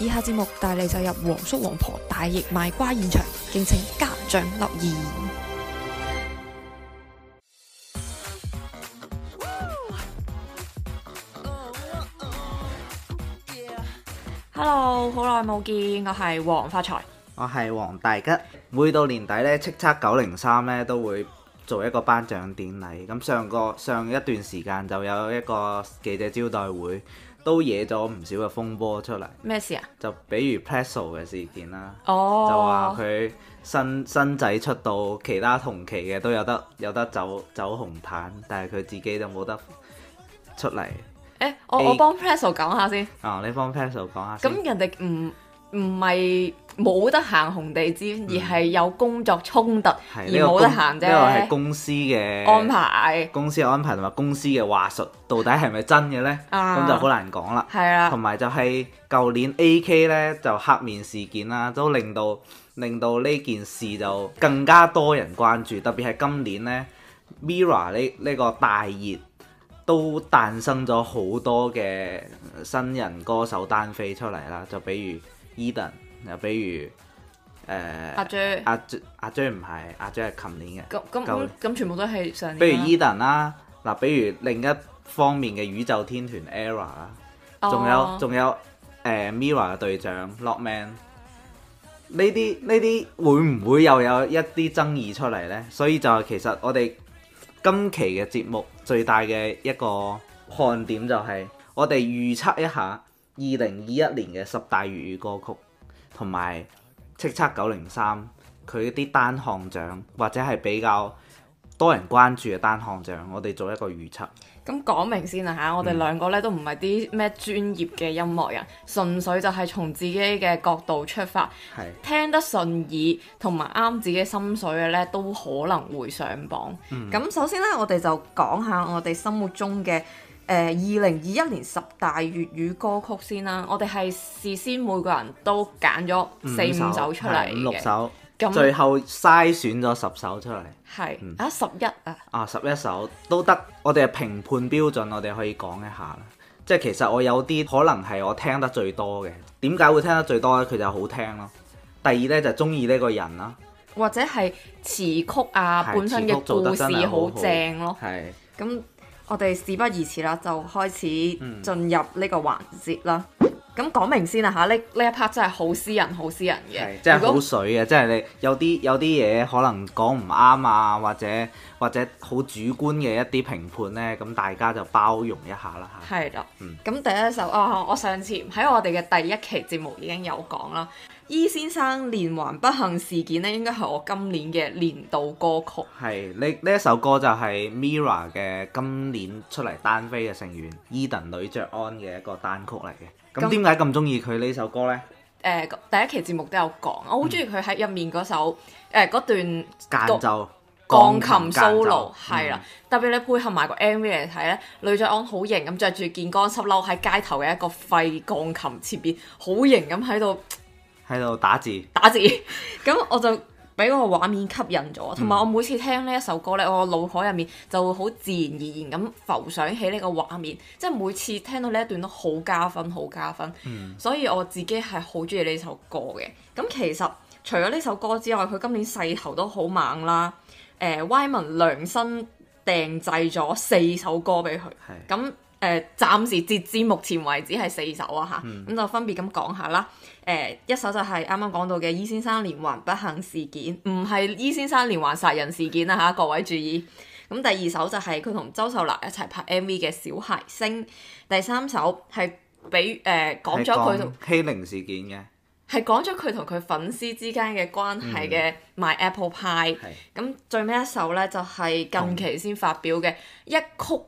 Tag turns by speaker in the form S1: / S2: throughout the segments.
S1: 以下節目帶你就入黃叔黃婆大役賣瓜現場，敬請家長留意。 Hello，好耐冇見，我係黃發財，
S2: 我係黃大吉。每到年底咧，叱咤九零三咧都會做一個頒獎典禮。咁上個上一段時間就有一個記者招待會。都惹咗唔少嘅風波出嚟。
S1: 咩事啊？
S2: 就比如 Preso 嘅事件啦，
S1: 哦、oh.，就話佢
S2: 新新仔出道其他同期嘅都有得有得走走紅毯，但係佢自己就冇得出嚟。
S1: 誒、欸，我 A 我幫 Preso 講下先。
S2: 啊、哦，你幫 Preso 講下先。咁
S1: 人哋唔，嗯唔係冇得行紅地毯，而係有工作衝突而冇得行啫。因為係
S2: 公司嘅安排，公司嘅安排同埋公司嘅話術，到底係咪真嘅呢？咁就好難講啦。係啦。同埋就係舊年 AK 呢，就黑面事件啦，都令到令到呢件事就更加多人關注。特別係今年呢，MIRROR 呢呢個大熱，都誕生咗好多嘅新人歌手單飛出嚟啦。就比如，Eden 又比如誒、呃、阿, J. 阿 J 阿 J 阿 J 唔係，阿 J 係琴年嘅咁咁
S1: 咁全部都係上比如
S2: Eden 啦、啊、嗱、啊，比如另一方面嘅宇宙天團 Era 啦，
S1: 仲有仲
S2: 有誒 Mira 嘅隊長 Lockman 呢啲呢啲會唔會又有一啲爭議出嚟咧？所以就係其實我哋今期嘅節目最大嘅一個看點就係我哋預測一下。二零二一年嘅十大粵語歌曲，同埋叱咤九零三佢啲單項獎，或者係比較多人關注嘅單項獎，我哋做一個預測。
S1: 咁講明先啦、啊、嚇，我哋兩個咧都唔係啲咩專業嘅音樂人，純粹就係從自己嘅角度出發，是聽得順耳同埋啱自己心水嘅咧，都可能會上榜。咁、嗯、首先咧，我哋就講下我哋心目中嘅。誒二零二一年十大粵語歌曲先啦，我哋係事先每個人都揀咗四五首，五首出嚟嘅，六首，
S2: 那最後篩選咗十首出嚟。係是、嗯、啊，
S1: 十一啊，
S2: 啊十一首都得。我哋嘅評判標準，我哋可以講一下啦。即係其實我有啲可能係我聽得最多嘅，點解會聽得最多咧？佢就好聽咯。第二咧就係中意呢個人啦，
S1: 或者係詞曲啊的本身嘅故事好正咯。係咁。的我哋事不宜遲啦，就開始進入呢個環節啦。咁講、嗯、明先啦嚇，呢呢一 part 真係好私人、好私人嘅，真係好
S2: 水嘅，即係果你有啲有啲嘢可能講唔啱啊，或者或者好主觀嘅一啲評判呢，咁大家就包容一下啦嚇。係啦的，
S1: 咁、嗯、第一首啊、哦，我上次喺我哋嘅第一期節目已經有講啦。E、E、先生連環不幸事件咧，應該係我今年嘅年度歌曲。
S2: 係，呢呢一首歌就係 MIRROR 嘅今年出嚟單飛嘅成員 Edan 呂爵安嘅一個單曲嚟嘅。咁點解咁中意佢呢首歌呢？誒、
S1: 呃，第一期節目都有講，我好中意佢喺入面嗰首誒、嗯呃、段間奏州鋼琴 solo 係啦，特別你配合埋個 MV 嚟睇咧，呂爵安好型咁着住件乾濕褸喺街頭嘅一個廢鋼琴前邊，好型咁喺度，
S2: 喺度打字，
S1: 打字，咁我就俾個畫面吸引咗，同埋、嗯、我每次聽呢一首歌呢，我腦海入面就會好自然而然咁浮想起呢個畫面，即係每次聽到呢一段都好加分，好加分。嗯、所以我自己係好中意呢首歌嘅。咁其實除咗呢首歌之外，佢今年勢頭都好猛啦。誒，Wyman 量身訂製咗四首歌俾佢。係是。咁誒，暫時截至目前為止係四首啊吓。嗯。咁就分別咁講下啦。誒、欸、一首就係啱啱講到嘅 E 先生連環不幸事件，唔係 E 先生連環殺人事件啦、啊、嚇，各位注意。咁第二首就係佢同周秀娜一齊拍 MV 嘅《小孩星》。第三首係俾誒講咗佢同欺
S2: 凌事件嘅，
S1: 係講咗佢同佢粉絲之間嘅關係嘅《My Apple Pie》嗯。咁最尾一首呢就係、是、近期先發表嘅一曲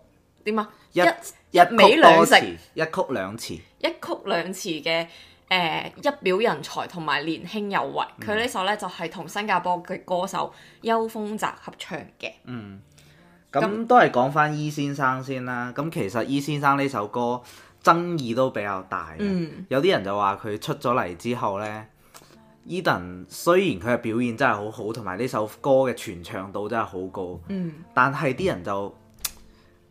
S1: 點啊、嗯、樣一一曲兩詞，
S2: 一曲兩詞，
S1: 一曲兩詞嘅。誒、呃、一表人才同埋年輕有為，佢呢、嗯、首呢，就係、是、同新加坡嘅歌手邱豐澤合唱嘅。
S2: 嗯，咁都係講返 E 先生先啦。咁其實 E 先生呢首歌爭議都比較大，嗯，有啲人就話佢出咗嚟之後咧，Edan 雖然佢嘅表現真係好好，同埋呢首歌嘅傳唱度真係好高，嗯、但係啲人就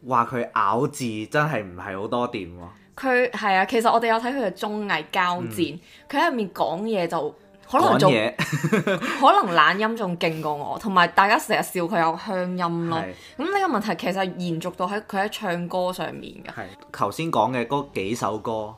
S2: 話佢咬字真係唔係好多掂喎。
S1: 佢係啊，其實我哋有睇佢嘅綜藝交戰，佢喺入面講嘢就可能仲說話 可能懶音仲勁過我，同埋大家成日笑佢有鄉音咯。咁呢是個問題其實延續到喺佢喺唱歌上面嘅。係
S2: 頭先講嘅嗰幾首歌，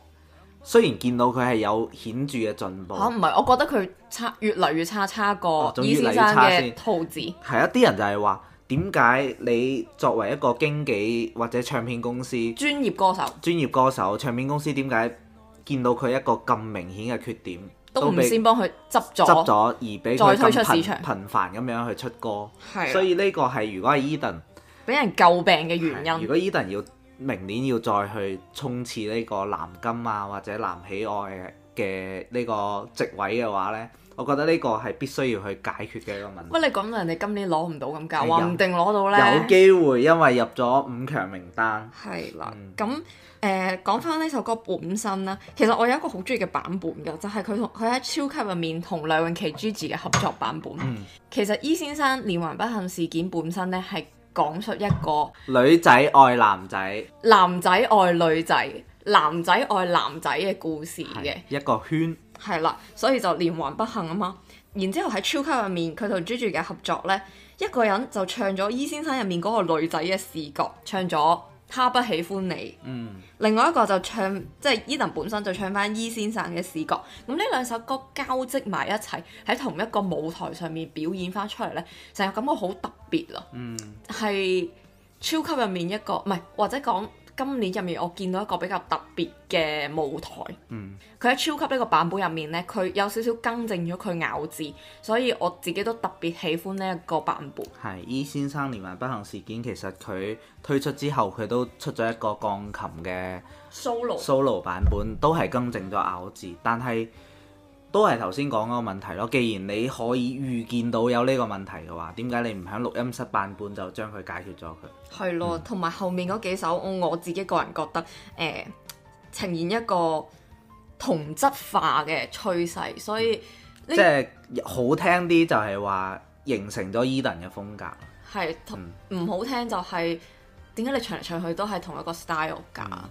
S2: 雖然見到佢係有顯著嘅進步
S1: 嚇，唔係、啊、我覺得佢差越嚟越差，差過 E 先生嘅吐字，
S2: 係啊！啲子、啊、人就係話。點解你作為一個經紀或者唱片公司專業歌手？專業歌手，唱片公司點解見到佢一個咁明顯嘅缺點，都唔先
S1: 幫佢執咗，執咗
S2: 而俾佢頻，頻繁咁樣去出歌？係，所以呢個係如果係 Edan
S1: 俾人詬病嘅原因。如果 Edan
S2: 要明年要再去衝刺呢個男金啊或者男喜愛嘅呢個席位嘅話呢。我覺得呢個係必須要去解決嘅一個問
S1: 題。喂，你講到人哋今年攞唔到咁搞，話唔定攞到呢？有機
S2: 會，因為入咗五強名
S1: 單。係啦的，咁誒講翻呢首歌本身啦。其實我有一個好中意嘅版本噶，就係佢同佢喺 Chill Club 入面同梁詠琪、Gigi 嘅合作版本。嗯、其實 E 先生《連環不幸事件》本身呢，係講出一個
S2: 女仔愛男仔、
S1: 男仔愛女仔、男仔愛男仔嘅故事嘅一個圈。係啦，所以就連環不幸啊嘛。然之後喺超級入面，佢同 Gigi 嘅合作呢，一個人就唱咗《E 先生》入面嗰個女仔嘅視角，唱咗《他不喜歡你》。嗯。另外一個就唱，即係 Edan 本身就唱翻《E 先生》嘅視角。咁呢兩首歌交織埋一齊喺同一個舞台上面表演翻出嚟呢，成日感覺好特別咯。嗯。係超級入面一個，唔係或者講。今年入面，我見到一個比較特別嘅舞台，佢喺 Chill Club 呢個版本入面呢，佢有少少更正咗佢咬字，所以我自己都特別喜歡呢一個版本。
S2: 係，E 先生連環不幸事件，其實佢推出之後，佢都出咗一個鋼琴嘅 solo solo 版本，都係更正咗咬字，但係。都係頭先講嗰個問題咯。既然你可以預見到有呢個問題嘅話，點解你唔喺錄音室版本就將佢解決咗佢？
S1: 係咯的，同埋、嗯、後面嗰幾首，我自己個人覺得，誒、呃、呈現一個同質化嘅趨勢。所以即
S2: 係好聽啲，就係話形成咗 Edan 嘅風格。
S1: 係同唔、嗯、好聽就係點解你唱嚟唱去都係同一個 style 㗎？嗯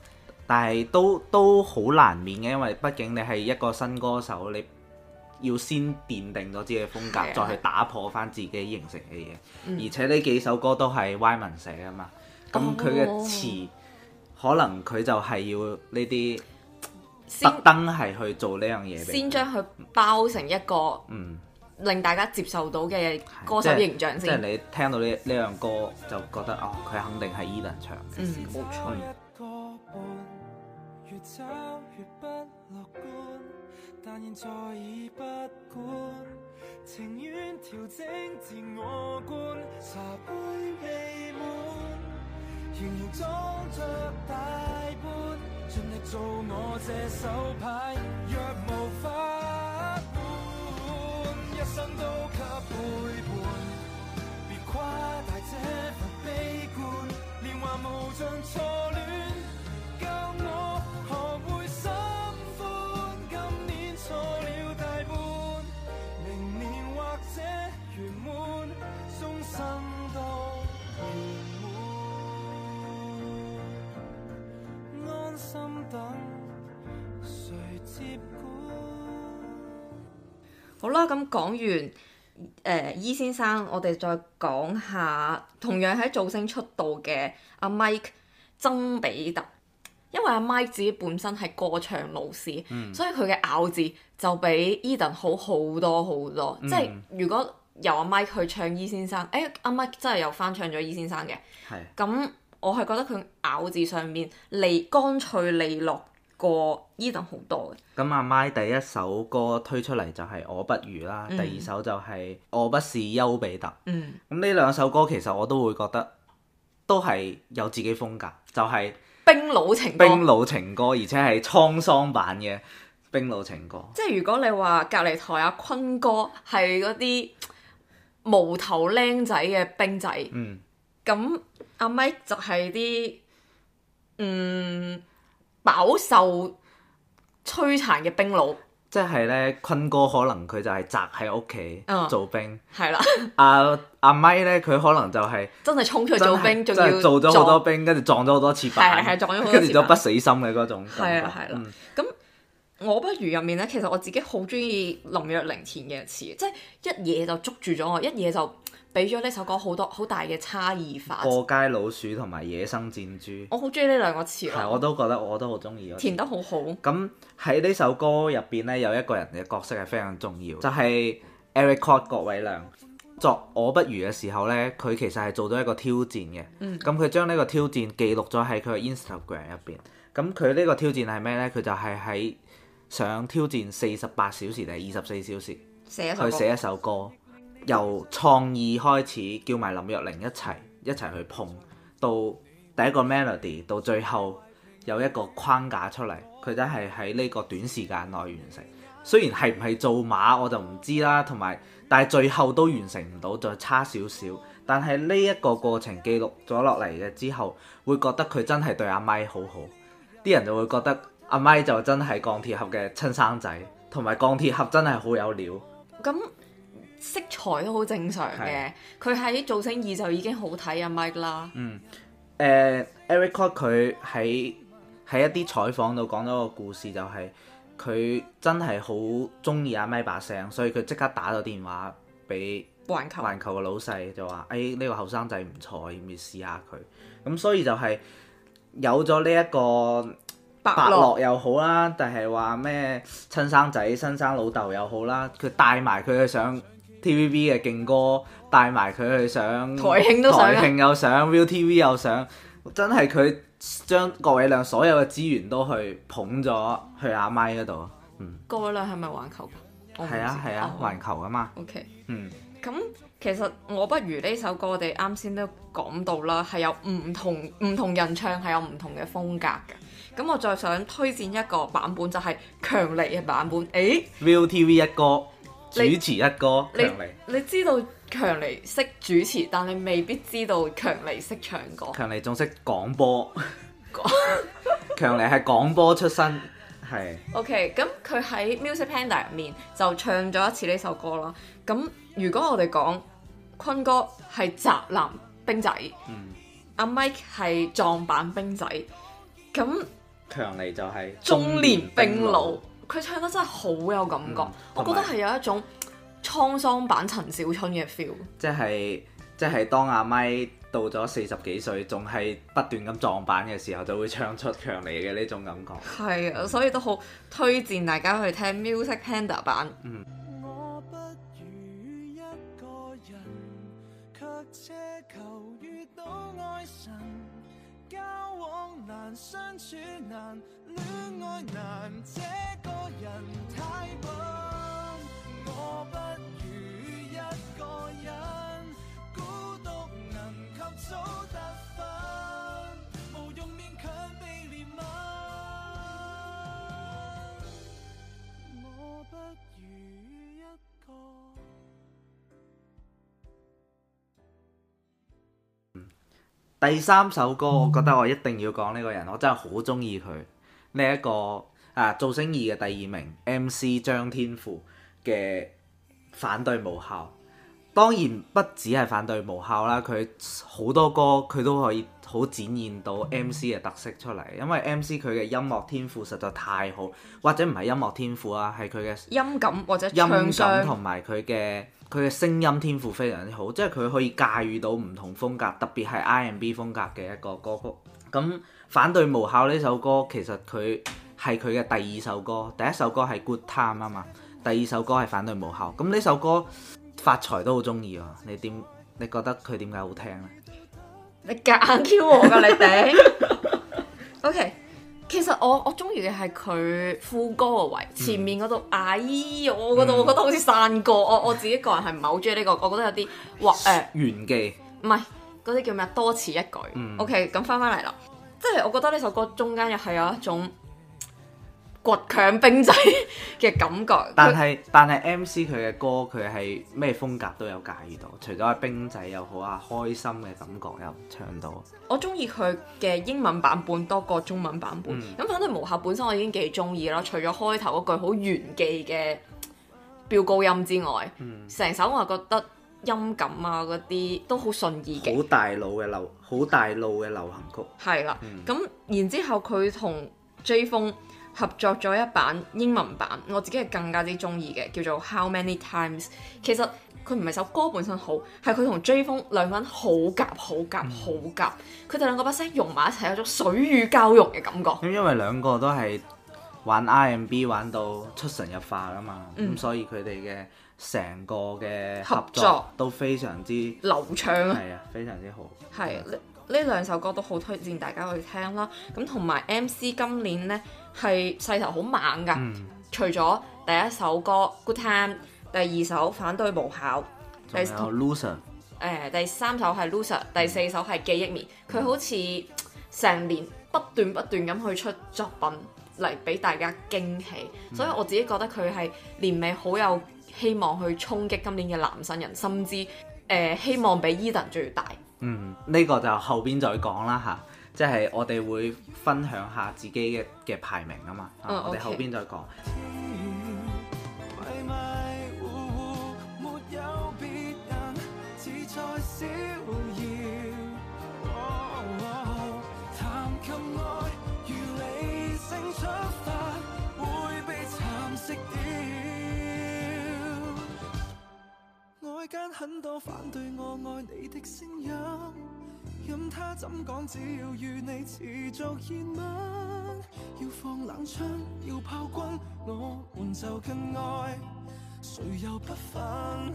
S2: 但係都都好難免嘅，因為畢竟你係一個新歌手，你要先奠定咗自己嘅風格，再去打破翻自己形成嘅嘢。而且呢幾首歌都係歪文寫啊嘛，咁佢嘅詞可能佢就係要呢啲特登係去做呢樣嘢，先
S1: 將佢包成一個嗯令大家接受到嘅歌手形象先。即係你
S2: 聽到呢呢樣歌就覺得哦，佢肯定係伊 d 唱嘅，冇錯。
S3: 越走越不樂觀，但現在，在已不管，情願調整自我觀。茶杯未滿，仍然裝着大半，盡力做我這手牌。若無法滿，一生都給背叛，別誇大這份悲觀。年華無盡錯亂，教我。嗯、
S1: 好啦，咁講完誒、呃，E 先生，我哋再講下，同樣喺造星出道嘅阿、啊、Mike 曾比特，因為阿、啊、Mike 自己本身係歌唱老師，嗯、所以佢嘅咬字就比 Edan 好好多好多，嗯、即係如果。由阿 Mike 去唱、e《E 先生》哎，誒，阿 Mike 真係又翻唱咗《E 先生》嘅的。
S2: 係。咁
S1: 我係覺得佢咬字上面，利乾脆利落過 Edan 好多
S2: 嘅。咁阿 Mike 第一首歌推出嚟就係《我不如》啦，第二首就係《我不是丘比特》。嗯。咁呢兩首歌其實我都會覺得都係有自己風格，就係
S1: 《冰老情》。歌。冰
S2: 老情歌，而且係滄桑版嘅《冰老情歌》。即
S1: 係如果你話隔離台阿、啊、坤哥係嗰啲。無頭僆仔嘅兵仔，咁阿咪就係啲嗯飽受摧殘嘅兵佬，
S2: 即係咧坤哥可能佢就係宅喺屋企做兵，
S1: 係啦、嗯。
S2: 阿阿 m 咧佢可能就係
S1: 真係衝出去做兵，仲要做咗好多
S2: 兵，跟住撞咗好多次，係係 撞咗好多跟住就不死心嘅嗰種感覺，係啦係啦，咁。
S1: 我不如入面咧，其實我自己好中意林若寧填嘅詞，即係一嘢就捉住咗我，一嘢就俾咗呢首歌好多好大嘅差異化。過
S2: 街老鼠同埋野生箭豬，
S1: 我好中意呢兩個詞。係、嗯，我，我
S2: 都覺得我都好中意。填得好好。咁喺呢首歌入邊咧，有一個人嘅角色係非常重要，就係、是、Eric Kwok 郭偉亮。作我不如嘅時候咧，佢其實係做咗一個挑戰嘅。嗯。咁佢將呢個挑戰記錄咗喺佢嘅 Instagram 入邊。咁佢呢個挑戰係咩咧？佢就係喺想挑戰四十八小時定係二十四小時
S1: 寫去寫一
S2: 首歌，由創意開始，叫埋林若寧一齊一齊去碰，到第一個 melody，到最後有一個框架出嚟，佢真係喺呢個短時間內完成。雖然係唔係做馬我就唔知啦，同埋但係最後都完成唔到，再差少少。但係呢一個過程記錄咗落嚟嘅之後，會覺得佢真係對阿咪好好，啲人就會覺得。阿咪就真係鋼鐵俠嘅親生仔，同埋鋼鐵俠真係好有料。
S1: 咁色彩都好正常嘅，佢喺造星二就已經好睇阿 Mike 啦。嗯，
S2: 誒、呃、Eric Kwok 佢喺喺一啲採訪度講咗個故事、就係，就係佢真係好中意阿咪把聲，所以佢即刻打咗電話俾環球環球嘅老細，就、哎、話：誒、這、呢個後生仔唔錯，要唔要試下佢？咁所以就係有咗呢一個。伯樂又好啦，定係話咩親生仔、親生，生老豆又好啦，佢帶埋佢去上 TVB 嘅勁歌，帶埋佢去上台慶都、啊、台慶又上 ViuTV 又上，真係佢將郭偉亮所有嘅資源都去捧咗去阿 Mike 嗰度。嗯，
S1: 郭偉亮係咪環球噶？係啊係啊，
S2: 環、啊、好球噶嘛。OK，嗯，
S1: 咁其實我不如呢首歌我，我哋啱先都講到啦，係有唔同唔同人唱，係有唔同嘅風格噶。咁我再想推薦一個版本，就係、是、強尼嘅版本。誒、欸、
S2: ，ViuTV 一哥
S1: 你主持一
S2: 哥，你,強
S1: 尼你知道強尼識主持，但你未必知道強尼識唱歌。
S2: 強尼仲識廣播，強 尼係廣播出身，係。
S1: OK，咁佢喺 Music Panda 入面就唱咗一次呢首歌啦。咁如果我哋講坤哥係宅男兵仔，阿、嗯、Mike 係撞板兵仔，咁。
S2: 強尼就係中年兵老，
S1: 佢唱得真係好有感覺，嗯、我覺得係有一種滄桑版陳小春嘅 feel，即
S2: 係即係當阿咪到咗四十幾歲，仲係不斷咁撞板嘅時候，就會唱出強尼嘅呢種感覺。
S1: 係啊、嗯，所以都好推薦大家去聽 Music Panda 版。嗯、我不如一個人，卻
S3: 奢求遇到愛神。難相處，難戀愛，難，這個人太笨，我不如一個人，孤獨能夠早得。
S2: 第三首歌，我覺得我一定要講呢個人，我真係好中意佢呢一個啊，造星2嘅第二名 M C 張天賦嘅反對無效。當然不止係反對無效啦，佢好多歌佢都可以好展現到 M C 嘅特色出嚟，因為 M C 佢嘅音樂天賦實在太好，或者唔係音樂天賦啊，係佢嘅
S1: 音感或者唱音感同
S2: 埋佢嘅。佢嘅聲音天賦非常之好，即係佢可以駕馭到唔同風格，特別係 R&B 風格嘅一個歌曲。咁反對無效呢首歌，其實佢係佢嘅第二首歌，第一首歌係 Good Time 啊嘛，第二首歌係反對無效。咁呢首歌發財都好中意啊！你點？你覺得佢點解好聽咧？
S1: 你夾硬 Q 我噶， 你哋 OK。Okay. 其實我我中意嘅係佢副歌個位，嗯、前面嗰度，哎呀，我度我覺得好似散過，嗯、我我自己個人係唔係好中意呢個，我覺得有啲哇誒，玄機，唔係嗰啲叫咩，多此一舉。嗯、OK，咁翻翻嚟啦，即係我覺得呢首歌中間又係有一種。倔強冰仔嘅感覺，但
S2: 係是他但係 M C 佢嘅歌佢係咩風格都有介意到，除咗係冰仔又好啊，開心嘅感覺又唱到。
S1: 我中意佢嘅英文版本多過中文版本，咁、嗯、反正無效本身我已經幾中意咯。除咗開頭嗰句好炫技嘅飆高音之外，成、嗯、首我覺得音感啊嗰啲都好順意嘅。好
S2: 大路嘅流，好大路嘅流行曲。係啦，
S1: 咁、嗯、然之後佢同 Jay Fung。合作咗一版英文版，我自己係更加之中意嘅，叫做《How Many Times》。其實佢唔係首歌本身好，係佢同 J. 風兩人好夾，好夾，好夾。佢哋兩個把聲融埋一齊，有種水
S2: 乳交融嘅感覺。咁因為兩個都係玩 i m b 玩到出神入化啊嘛，咁、嗯、所以佢哋嘅成個嘅合作都非常之作流暢暢啊。係啊，非常之好。
S1: 係呢呢兩首歌都好推薦大家去聽啦。咁同埋 M.C. 今年呢。係勢頭好猛噶，嗯、除咗第一首歌《Good Time》，第二首《反對無效》，《Loser》，第，第三首《Loser》，嗯，第三首係《Loser》，第四首係《記憶棉》。佢好似成年不斷不斷咁去出作品嚟俾大家驚喜，嗯、所以我自己覺得佢係年尾好有希望去衝擊今年嘅男新人，甚至誒、呃、希望比 Edan 仲要大。嗯，呢、
S2: 呢個就後邊再講啦嚇。即係我哋會分享下自己嘅嘅排名吖嘛，
S3: 我哋後邊再講。任他怎講，只要與你持續熱吻，要放冷槍，要炮轟，我們就更愛，誰又不忿？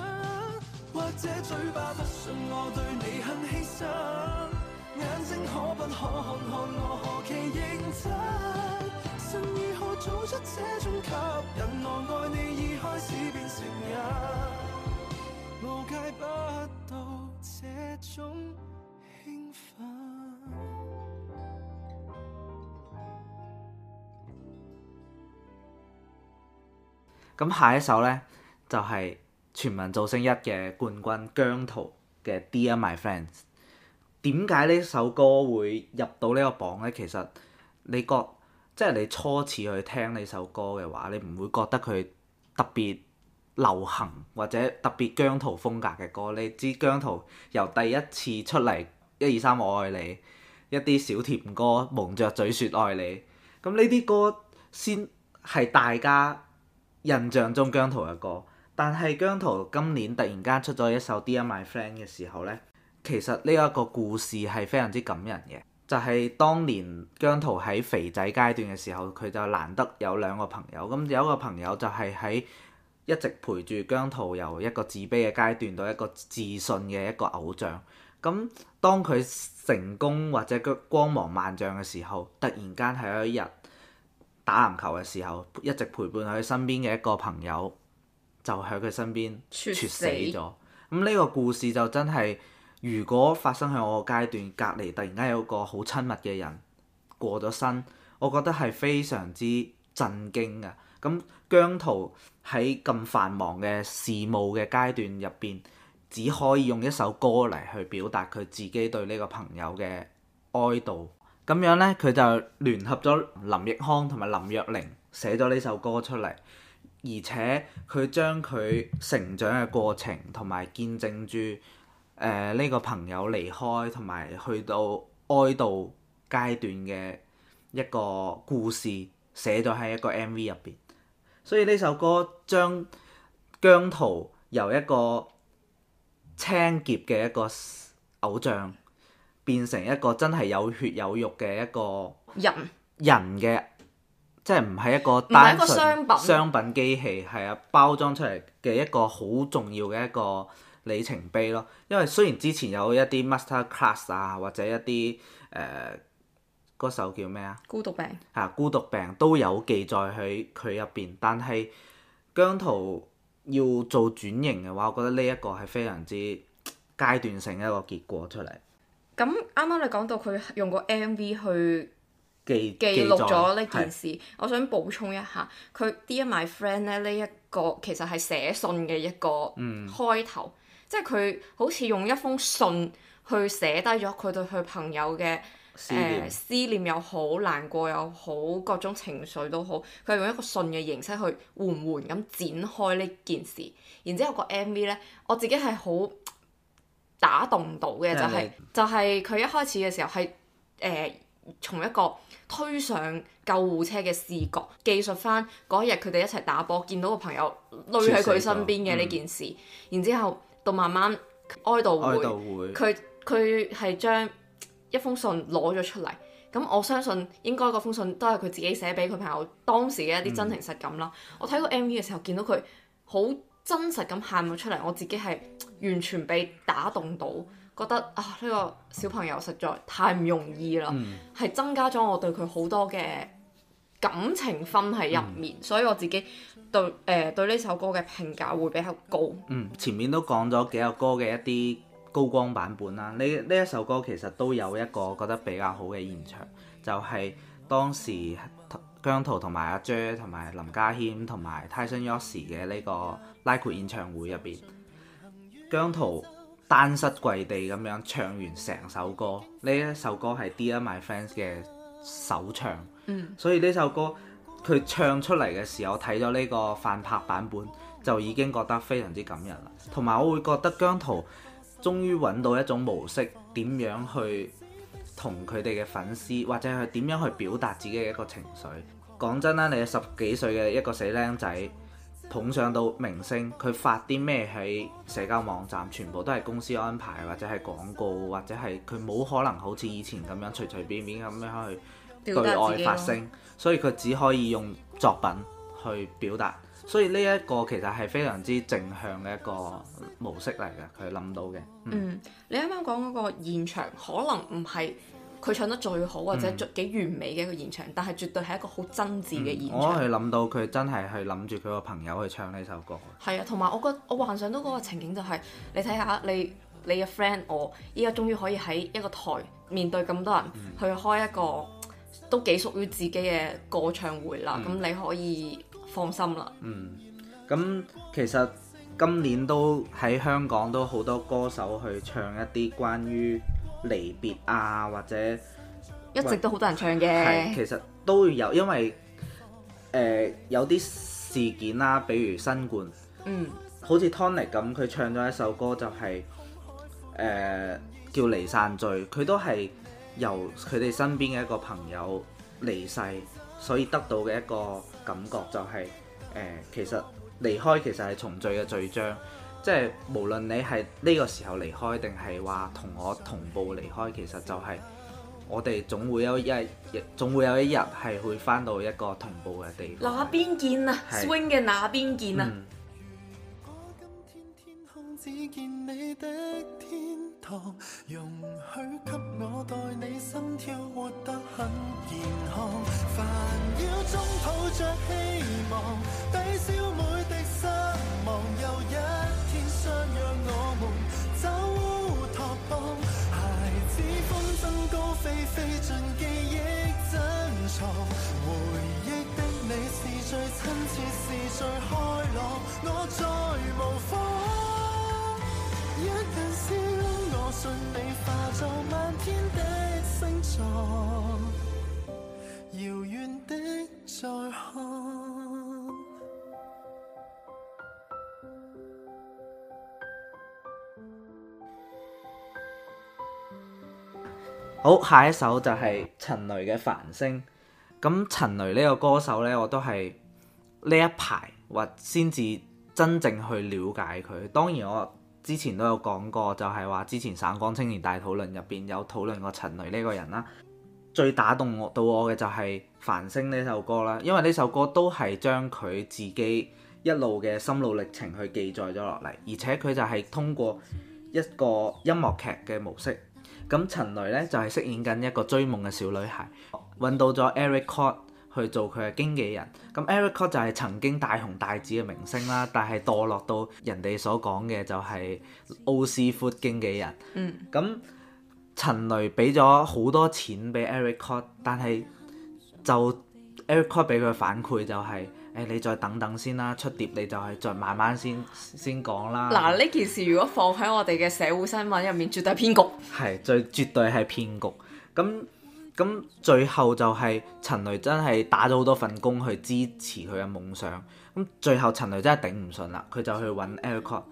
S3: 或者嘴巴不信我對你很犧牲，眼睛可不可看看我何其認真？心如何做出這種吸引，我愛你已開始。
S2: 咁下一首咧就係、是、全民造星一嘅冠軍姜濤嘅《Dear my friend，》。點解呢首歌會入到呢個榜咧？其實你覺即係你初次去聽呢首歌嘅話，你唔會覺得佢特別流行或者特別姜濤風格嘅歌。你知姜濤由第一次出嚟，一二三我愛你一啲小甜歌，蒙着嘴説愛你，咁呢啲歌先係大家。印象中姜濤嘅歌，但係姜濤今年突然間出咗一首《Dear My Friend》嘅時候咧，其實呢一個故事係非常之感人嘅，就係當年姜濤喺肥仔階段嘅時候，佢就難得有兩個朋友，咁有一個朋友就係喺一直陪住姜濤由一個自卑嘅階段到一個自信嘅一個偶像，咁當佢成功或者光芒萬丈嘅時候，突然間，係有一日。打籃球嘅時候，一直陪伴喺佢身邊嘅一個朋友，就喺佢身邊猝死咗。咁呢死個故事就真係，如果發生喺我個階段隔離，突然間有一個好親密嘅人過咗身，我覺得係非常之震驚㗎。咁姜濤喺咁繁忙嘅事務嘅階段入邊，只可以用一首歌嚟去表達佢自己對呢個朋友嘅哀悼。咁樣咧，佢就聯合咗林奕匡同埋林若寧寫咗呢首歌出嚟，而且佢將佢成長嘅過程同埋見證住誒呢、呃呢個朋友離開同埋去到哀悼階段嘅一個故事寫咗喺一個 MV 入邊。所以呢首歌將姜濤由一個青澀嘅一個偶像，變成一個真係有血有肉嘅一個人人嘅，即係唔係一個單個商品商品機器，係一、啊、包裝出嚟嘅一個好重要嘅一個里程碑咯。因為雖然之前有一啲 Master Class 啊，或者一啲誒嗰首叫咩啊，《孤獨病》啊，《孤獨病》都有記載喺佢入邊，但係姜濤要做轉型嘅話，我覺得呢一個係非常之階段性嘅一個結果出嚟。
S1: 咁啱啱你講到佢用個 M V 去
S2: 記記錄咗呢件事，
S1: 我想補充一下，佢 Dear My Friend 咧，呢一、呢個其實係寫信嘅一個開頭，嗯、即係佢好似用一封信去寫低咗佢對佢朋友嘅誒思念又、呃、好，難過又好，各種情緒都好，佢係用一個信嘅形式去緩緩咁展開呢件事，然之後個 M V 呢，我自己係好。打動到嘅 就係、是、就係、是、佢一開始嘅時候係誒從一個推上救護車嘅視角記述翻嗰日佢哋一齊打波見到個朋友累喺佢身邊嘅呢件事， 然之後到慢慢哀悼會佢佢係將一封信攞咗出嚟，咁我相信應該嗰封信都係佢自己寫俾佢朋友當時嘅一啲真情實感啦。 我睇過 MV 嘅時候見到佢好。真實咁喊咗出嚟，我自己係完全被打動到，覺得啊呢、這個小朋友實在太唔容易啦，係、嗯、增加咗我對佢好多嘅感情分喺入面，嗯、所以我自己對誒、呃、對呢首歌嘅評價會比較高。
S2: 嗯，前面都講咗幾個歌嘅一啲高光版本啦，呢呢一首歌其實都有一個覺得比較好嘅現場，就係、是、當時。姜濤同埋阿 J 同、er, 埋林家謙同埋 Tyson Yoshi 嘅呢個拉 e、like、演唱會入邊，姜濤單膝跪地咁樣唱完成首歌，呢一首歌係 Dear My Friend, 嘅首唱，嗯，所以呢首歌佢唱出嚟嘅時候，我睇咗呢個飯拍版本，就已經覺得非常之感人啦。同埋我會覺得姜濤終於揾到一種模式，點樣去同佢哋嘅粉絲，或者係點樣去表達自己嘅一個情緒。講真啦，你十幾歲嘅一個死僆仔，捧上到明星，佢發啲咩喺社交網站，全部都係公司安排，或者係廣告，或者係佢冇可能好似以前咁樣隨隨便便咁樣去
S1: 對外發聲，哦、
S2: 所以佢只可以用作品去表達。所以呢一個其實係非常之正向嘅一個模式嚟嘅，佢諗到嘅。嗯，嗯，
S1: 你啱啱講嗰個現場可能唔係佢唱得最好或者幾完美嘅一個現場，嗯、但係絕對係一個好真摯嘅現場。我係
S2: 諗到佢真係去諗住佢個朋友去唱呢首歌。
S1: 係啊，同埋我覺我幻想到嗰個情景就係、是，你睇下你你嘅 friend 我依家終於可以喺一個台面對咁多人、嗯、去開一個都幾屬於自己嘅歌唱會啦，咁、嗯、你可以放心啦。嗯，
S2: 咁其實今年都喺香港都好多歌手去唱一啲關於。離別啊，或者
S1: 一直都好多人唱嘅。係，其
S2: 實都會有，因為誒、呃、有啲事件啦、啊，比如新冠。嗯。好似 Tony 咁，佢唱咗一首歌就係、是、誒、呃、叫《離散罪》，佢都係由佢哋身邊嘅一個朋友離世，所以得到嘅一個感覺就係、是、誒、呃、其實離開其實係重聚嘅序章。即係無論你係呢個時候離開，定係話同我同步離開，其實就係我哋總會有一日，總會有一日係會翻到一個同步嘅地方。那
S1: 邊見啊是是？swing 嘅那邊見啊？如果今天天空
S3: 只見你的天堂，容許給我代你心跳活得很健康。煩擾中抱著希望，低笑每滴失望。不讓我們走烏托邦，孩子風箏高飛，飛進記憶珍藏。回憶的你是最親切，是最開朗，我再無妨一陣笑，我信你化作漫天的星座，遙遠的再看。
S2: 好，下一首就係陳蕾嘅《凡星》。咁陳蕾呢個歌手呢，我都係呢一排或先至真正去了解佢。當然我之前都有講過，就係話之前省港青年大討論入邊有討論過陳蕾呢個人啦。最打動我到我嘅就係《凡星》呢首歌啦，因為呢首歌都係將佢自己一路嘅心路歷程去記載咗落嚟，而且佢就係通過一個音樂劇嘅模式。咁陳蕾咧就係、是、飾演緊一個追夢嘅小女孩，揾到咗 Eric Cott 去做佢嘅經紀人。咁 Eric Cott 就係曾經大紅大紫嘅明星啦，但係墮落到人哋所講嘅就係傲視闊經紀人。嗯，咁陳蕾俾咗好多錢俾 Eric Cott，但係就 Eric Cott 俾佢反饋就係、是。誒、哎，你再等等先啦，出碟你就係再慢慢先先講啦。嗱，
S1: 呢件事如果放喺我哋嘅社會新聞入面，絕對係騙局。
S2: 係，最絕對係騙局。咁咁最後就係陳蕾真係打咗好多份工去支持佢嘅夢想。咁最後陳蕾真係頂唔順啦，佢就去揾 Aircore。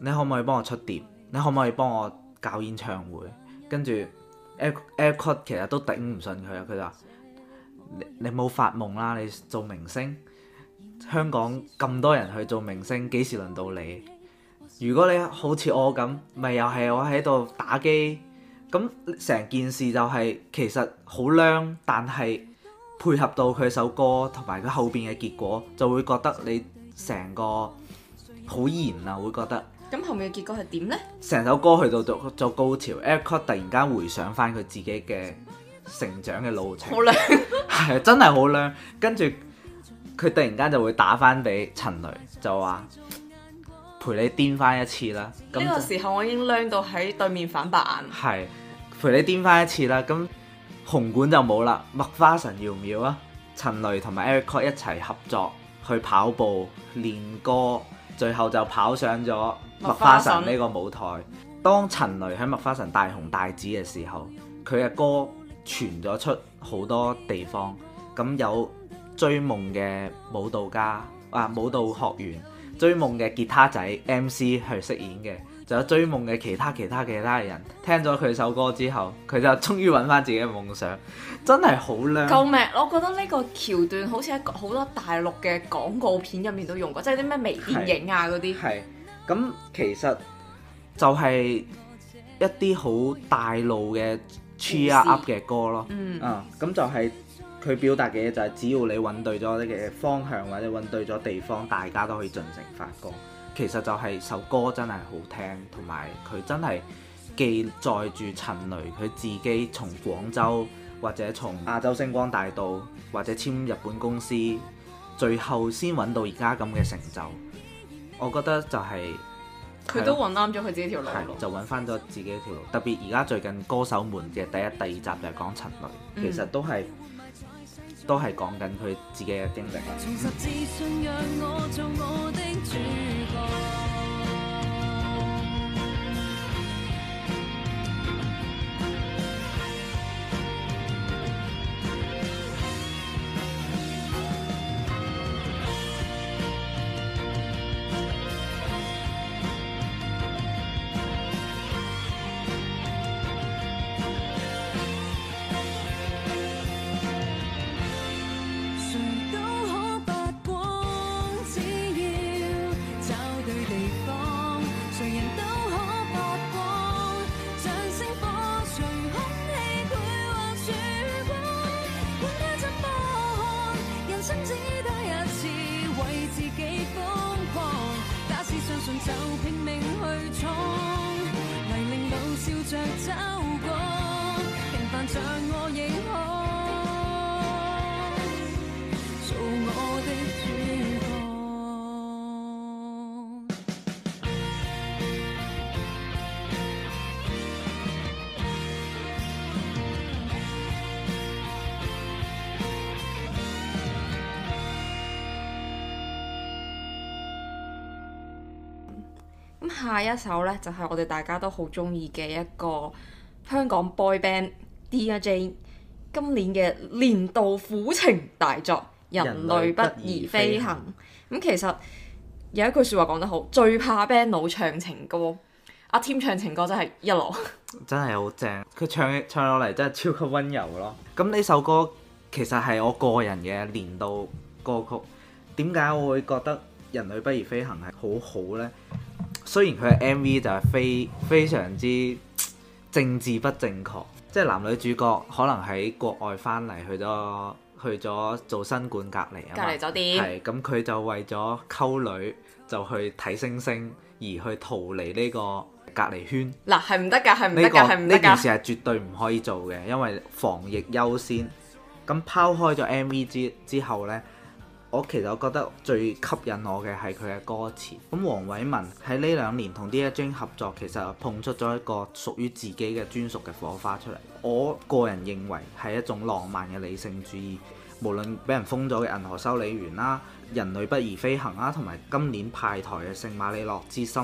S2: 你可唔可以幫我出碟？你可唔可以幫我搞演唱會？跟住 Air Aircore 其實都頂唔順佢啊，佢就。你冇發夢啦！你做明星，香港咁多人去做明星，幾時輪到你？如果你好似我咁，咪又係我喺度打機。咁成件事就係、是、其實好僆，但係配合到佢首歌同埋佢後邊嘅結果，就會覺得你成個好燃啊！會覺得。
S1: 咁後面嘅結果係點呢？
S2: 成首歌去到到做高潮 e r i o 突然間回想翻佢自己嘅。成長嘅路程，好靚係真係好靚，跟住佢突然間就會打翻俾陳蕾，就話陪你癲翻一次啦。呢個時
S1: 候我已經靚到喺對面反白眼。
S2: 係陪你癲翻一次啦，咁、嗯、紅館就冇啦。麥花臣要唔要啊？陳蕾同埋 Eric Kwok 一齊合作去跑步練歌，最後就跑上咗麥花臣呢個舞台。當陳蕾喺麥花臣大紅大紫嘅時候，佢嘅歌。傳咗出好多地方，咁有追夢嘅舞蹈家啊，舞蹈學員，追夢嘅吉他仔、MC 去飾演嘅，仲有追夢嘅其他其他其他人，聽咗佢首歌之後，佢就終於揾翻自己嘅夢想，真係好叻！救
S1: 命！我覺得呢個橋段好似喺好多大陸嘅廣告片入面都用過，即係啲咩微電影啊嗰啲。係
S2: 咁，其實就係一啲好大路嘅。Cheer up 嘅歌咯，啊、嗯，咁、嗯、就係佢表達嘅嘢就係只要你揾對咗你嘅方向或者揾對咗地方，大家都可以盡情發光。其實就係首歌真係好聽，同埋佢真係記載住陳蕾佢自己從廣州、嗯、或者從亞洲星光大道或者簽日本公司，最後先揾到而家咁嘅成就。我覺得就係、是。佢都揾
S1: 啱咗佢自己條路，
S2: 就揾翻咗自己一條路。特別而家最近歌手們嘅第一、第二集就係講陳蕾，其實都係都係講緊佢自己嘅經歷。
S3: 嗯嗯。
S1: 下一首呢，就係、是、我哋大家都好中意嘅一個香港 boy band DJ 今年嘅年度苦情大作《人類不宜飛行》。咁、嗯、其實有一句話說話講得好，最怕 band 佬唱情歌。阿 Tim 唱情歌真係一籮，
S2: 真係好正。佢唱唱落嚟真係超級温柔咯。咁呢首歌其實係我個人嘅年度歌曲。點解我會覺得《人類不宜飛行》係好好呢？雖然佢嘅 MV 就係非非常之政治不正確，即係男女主角可能喺國外翻嚟去咗去咗做新冠隔離啊嘛，係咁佢就為咗溝女就去睇星星而去逃離呢個隔離圈。
S1: 嗱，係唔得㗎，係唔得㗎，係呢、呢個、件事係
S2: 絕對唔可以做嘅，因為防疫優先。咁拋開咗 MV 之之後咧。我其實我覺得最吸引我嘅係佢嘅歌詞。咁黃偉文喺呢兩年同 Dear Jane 合作，其實碰出咗一個屬於自己嘅專屬嘅火花出嚟。我個人認為係一種浪漫嘅理性主義。無論俾人封咗嘅《銀河修理員》啦，《人類不宜飛行》啦，同埋今年派台嘅《聖馬里諾之心》，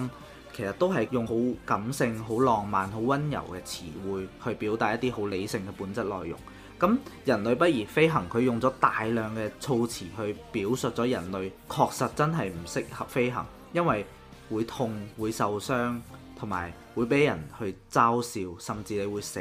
S2: 其實都係用好感性、好浪漫、好溫柔嘅詞彙去表達一啲好理性嘅本質內容。咁人類不宜飛行，佢用咗大量嘅措辭去表述咗人類確實真係唔適合飛行，因為會痛、會受傷，同埋會俾人去嘲笑，甚至你會死。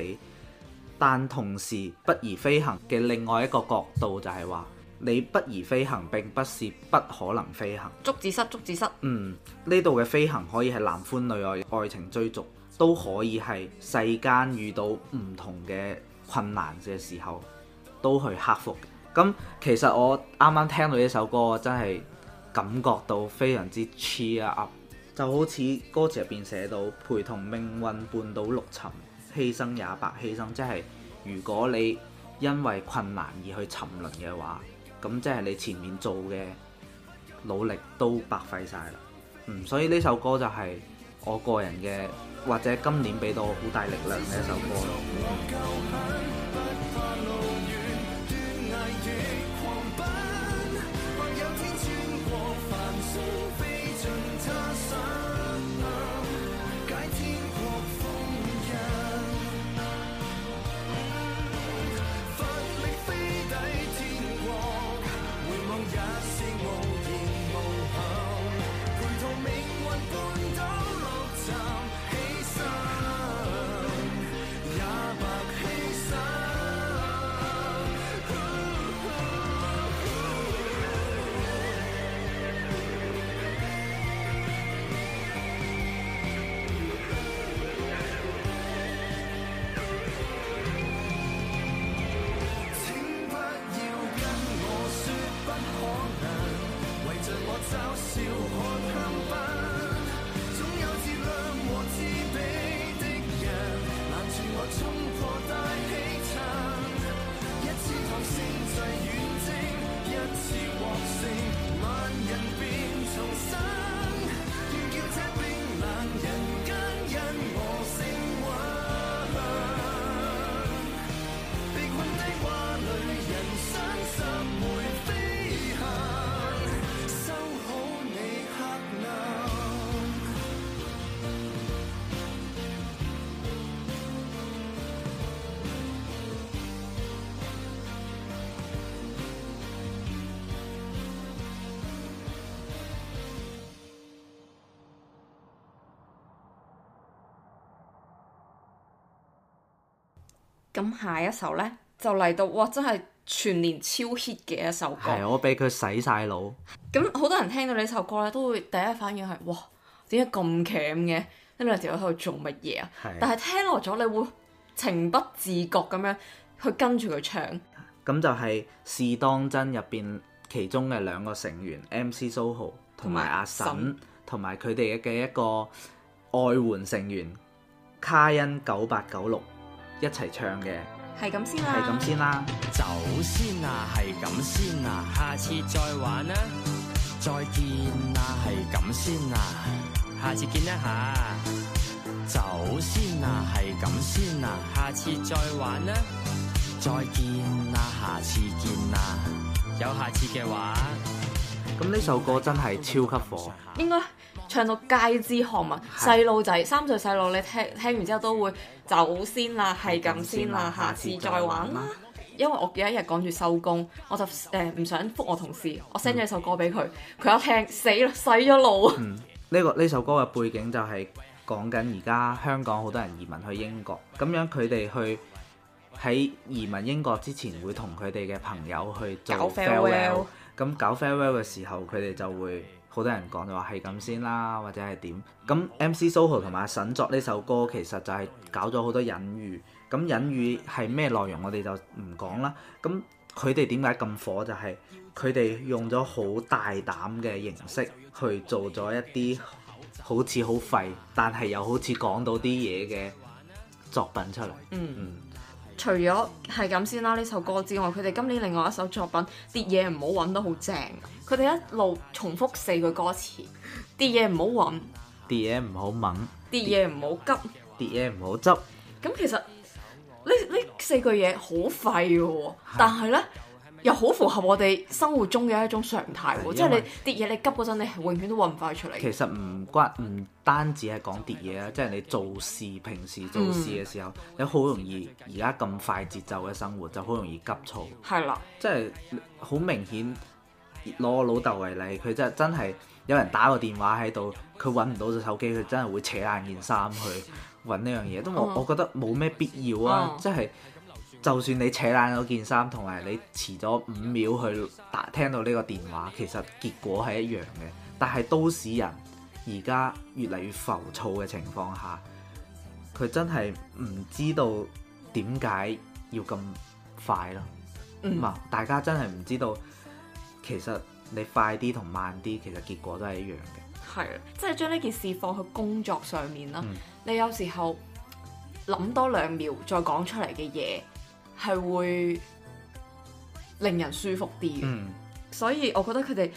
S2: 但同時不宜飛行嘅另外一個角度就係話，你不宜飛行並不是不可能飛行。
S1: 捉字蝨，捉字蝨。
S2: 嗯，呢度嘅飛行可以係男歡女愛、愛情追逐，都可以係世間遇到唔同嘅。困難嘅時候都去克服。咁其實我啱啱聽到呢首歌，真係感覺到非常之 cheer up，就好似歌詞入邊寫到，陪同命運半島六沉，犧牲也白犧牲。即係如果你因為困難而去沉淪嘅話，咁即係你前面做嘅努力都白費晒啦。嗯，所以呢首歌就係、是我個人嘅，或者今年俾到好大力量嘅一首歌。
S1: 咁下一首呢，就嚟到，哇！真係全年超 hit 嘅一首歌。係
S2: 我俾佢洗晒腦。
S1: 咁好多人聽到呢首歌呢，都會第一反應係：哇，點解咁攬嘅？呢兩條友喺度做乜嘢啊？的但係聽落咗，你會情不自覺咁樣去跟住佢唱。
S2: 咁就係《試當真》入邊其中嘅兩個成員 MC $oHo 同埋阿腎，同埋佢哋嘅一個外援成員 Kayan 九八九六。一齊唱嘅，
S1: 係咁先啦、啊，係咁先
S2: 啦、啊，走先啦、啊，係咁先啦、啊，下次再玩啦，再見啦，係咁先啦，下次見一下，走先啦，係咁先啦，下次再玩啦，再見啦，下次見啦、啊啊啊啊啊，有下次嘅話，咁呢首歌真係超級火，
S1: 應該。唱到街知巷聞，細路仔三歲細路，你聽聽完之後都會走先啦，係咁先啦，先啦，下次再玩啦。因為我有一日趕住收工，我就誒唔、呃、想覆我同事，我 send 咗一首歌俾佢，佢、嗯、一聽死啦，洗咗腦啊！呢、
S2: 嗯這個呢首歌嘅背景就係講緊而家香港好多人移民去英國，咁樣佢哋去喺移民英國之前，會同佢哋嘅朋友去做 farewell。搞咁搞 Farewell 嘅時候，佢哋就會好多人講就話係咁先啦，或者係點？咁 MC Soho 同埋阿腎作呢首歌其實就係搞咗好多隱喻。咁隱喻係咩內容，我哋就唔講啦。咁佢哋點解咁火就係佢哋用咗好大膽嘅形式去做咗一啲好似好廢，但係又好似講到啲嘢嘅作品出嚟。嗯。嗯。
S1: 除咗係咁先啦呢首歌之外，佢哋今年另外一首作品《跌嘢唔好揾》都好正。佢哋一路重複四句歌詞：跌嘢唔好揾，
S2: 跌嘢唔好問，
S1: 跌嘢唔好急，
S2: 跌嘢唔好執。
S1: 咁其實呢呢四句嘢好廢喎，的但係咧，又好符合我哋生活中嘅一種常態，為即係你跌嘢，為你急嗰陣，你永遠都揾唔翻出嚟。其實
S2: 唔關唔單止係講跌嘢啦，即、就、係、是、你做事，平時做事嘅時候，嗯、你好容易而家咁快節奏嘅生活就好容易急躁。係啦的，即係好明顯，攞我老豆為例，佢就真係有人打個電話喺度，佢揾唔到隻手機，佢真係會扯爛件衫去揾呢樣嘢。都我、嗯、我覺得冇咩必要啊，嗯、即係。就算你扯爛嗰件衫，同埋你遲咗五秒去打聽到呢個電話，其實結果係一樣嘅。但係都市人而家越嚟越浮躁嘅情況下，佢真係唔知道點解要咁快咯。嗯、大家真係唔知道，其實你快啲同慢啲，其實結果都係一樣嘅。
S1: 係啊，即係將呢件事放去工作上面啦。嗯、你有時候諗多兩秒再講出嚟嘅嘢。係會令人舒服啲嘅，嗯、所以我覺得佢哋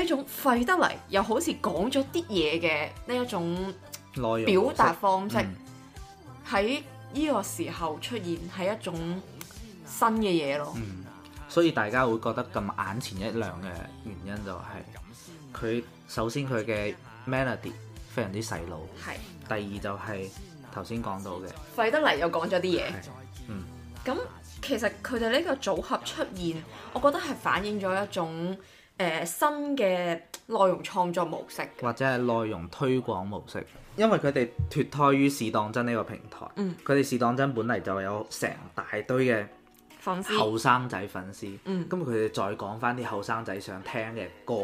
S1: 呢種廢得嚟，又好似講咗啲嘢嘅呢一種
S2: 內容表達方式，
S1: 喺、嗯、呢個時候出現係一種新嘅嘢咯。嗯，
S2: 所以大家會覺得咁眼前一亮嘅原因就係佢首先佢嘅 melody 非常之細路，係是第二就係頭先講到嘅
S1: 廢得嚟又講咗啲嘢。咁其實佢哋呢個組合出現，我覺得係反映咗一種誒、呃、新嘅內容創作模式，
S2: 或者係內容推廣模式。因為佢哋脫胎於試當真呢個平台，佢哋試當真本嚟就有成大堆嘅後生仔粉絲，咁佢哋再講翻啲後生仔想聽嘅歌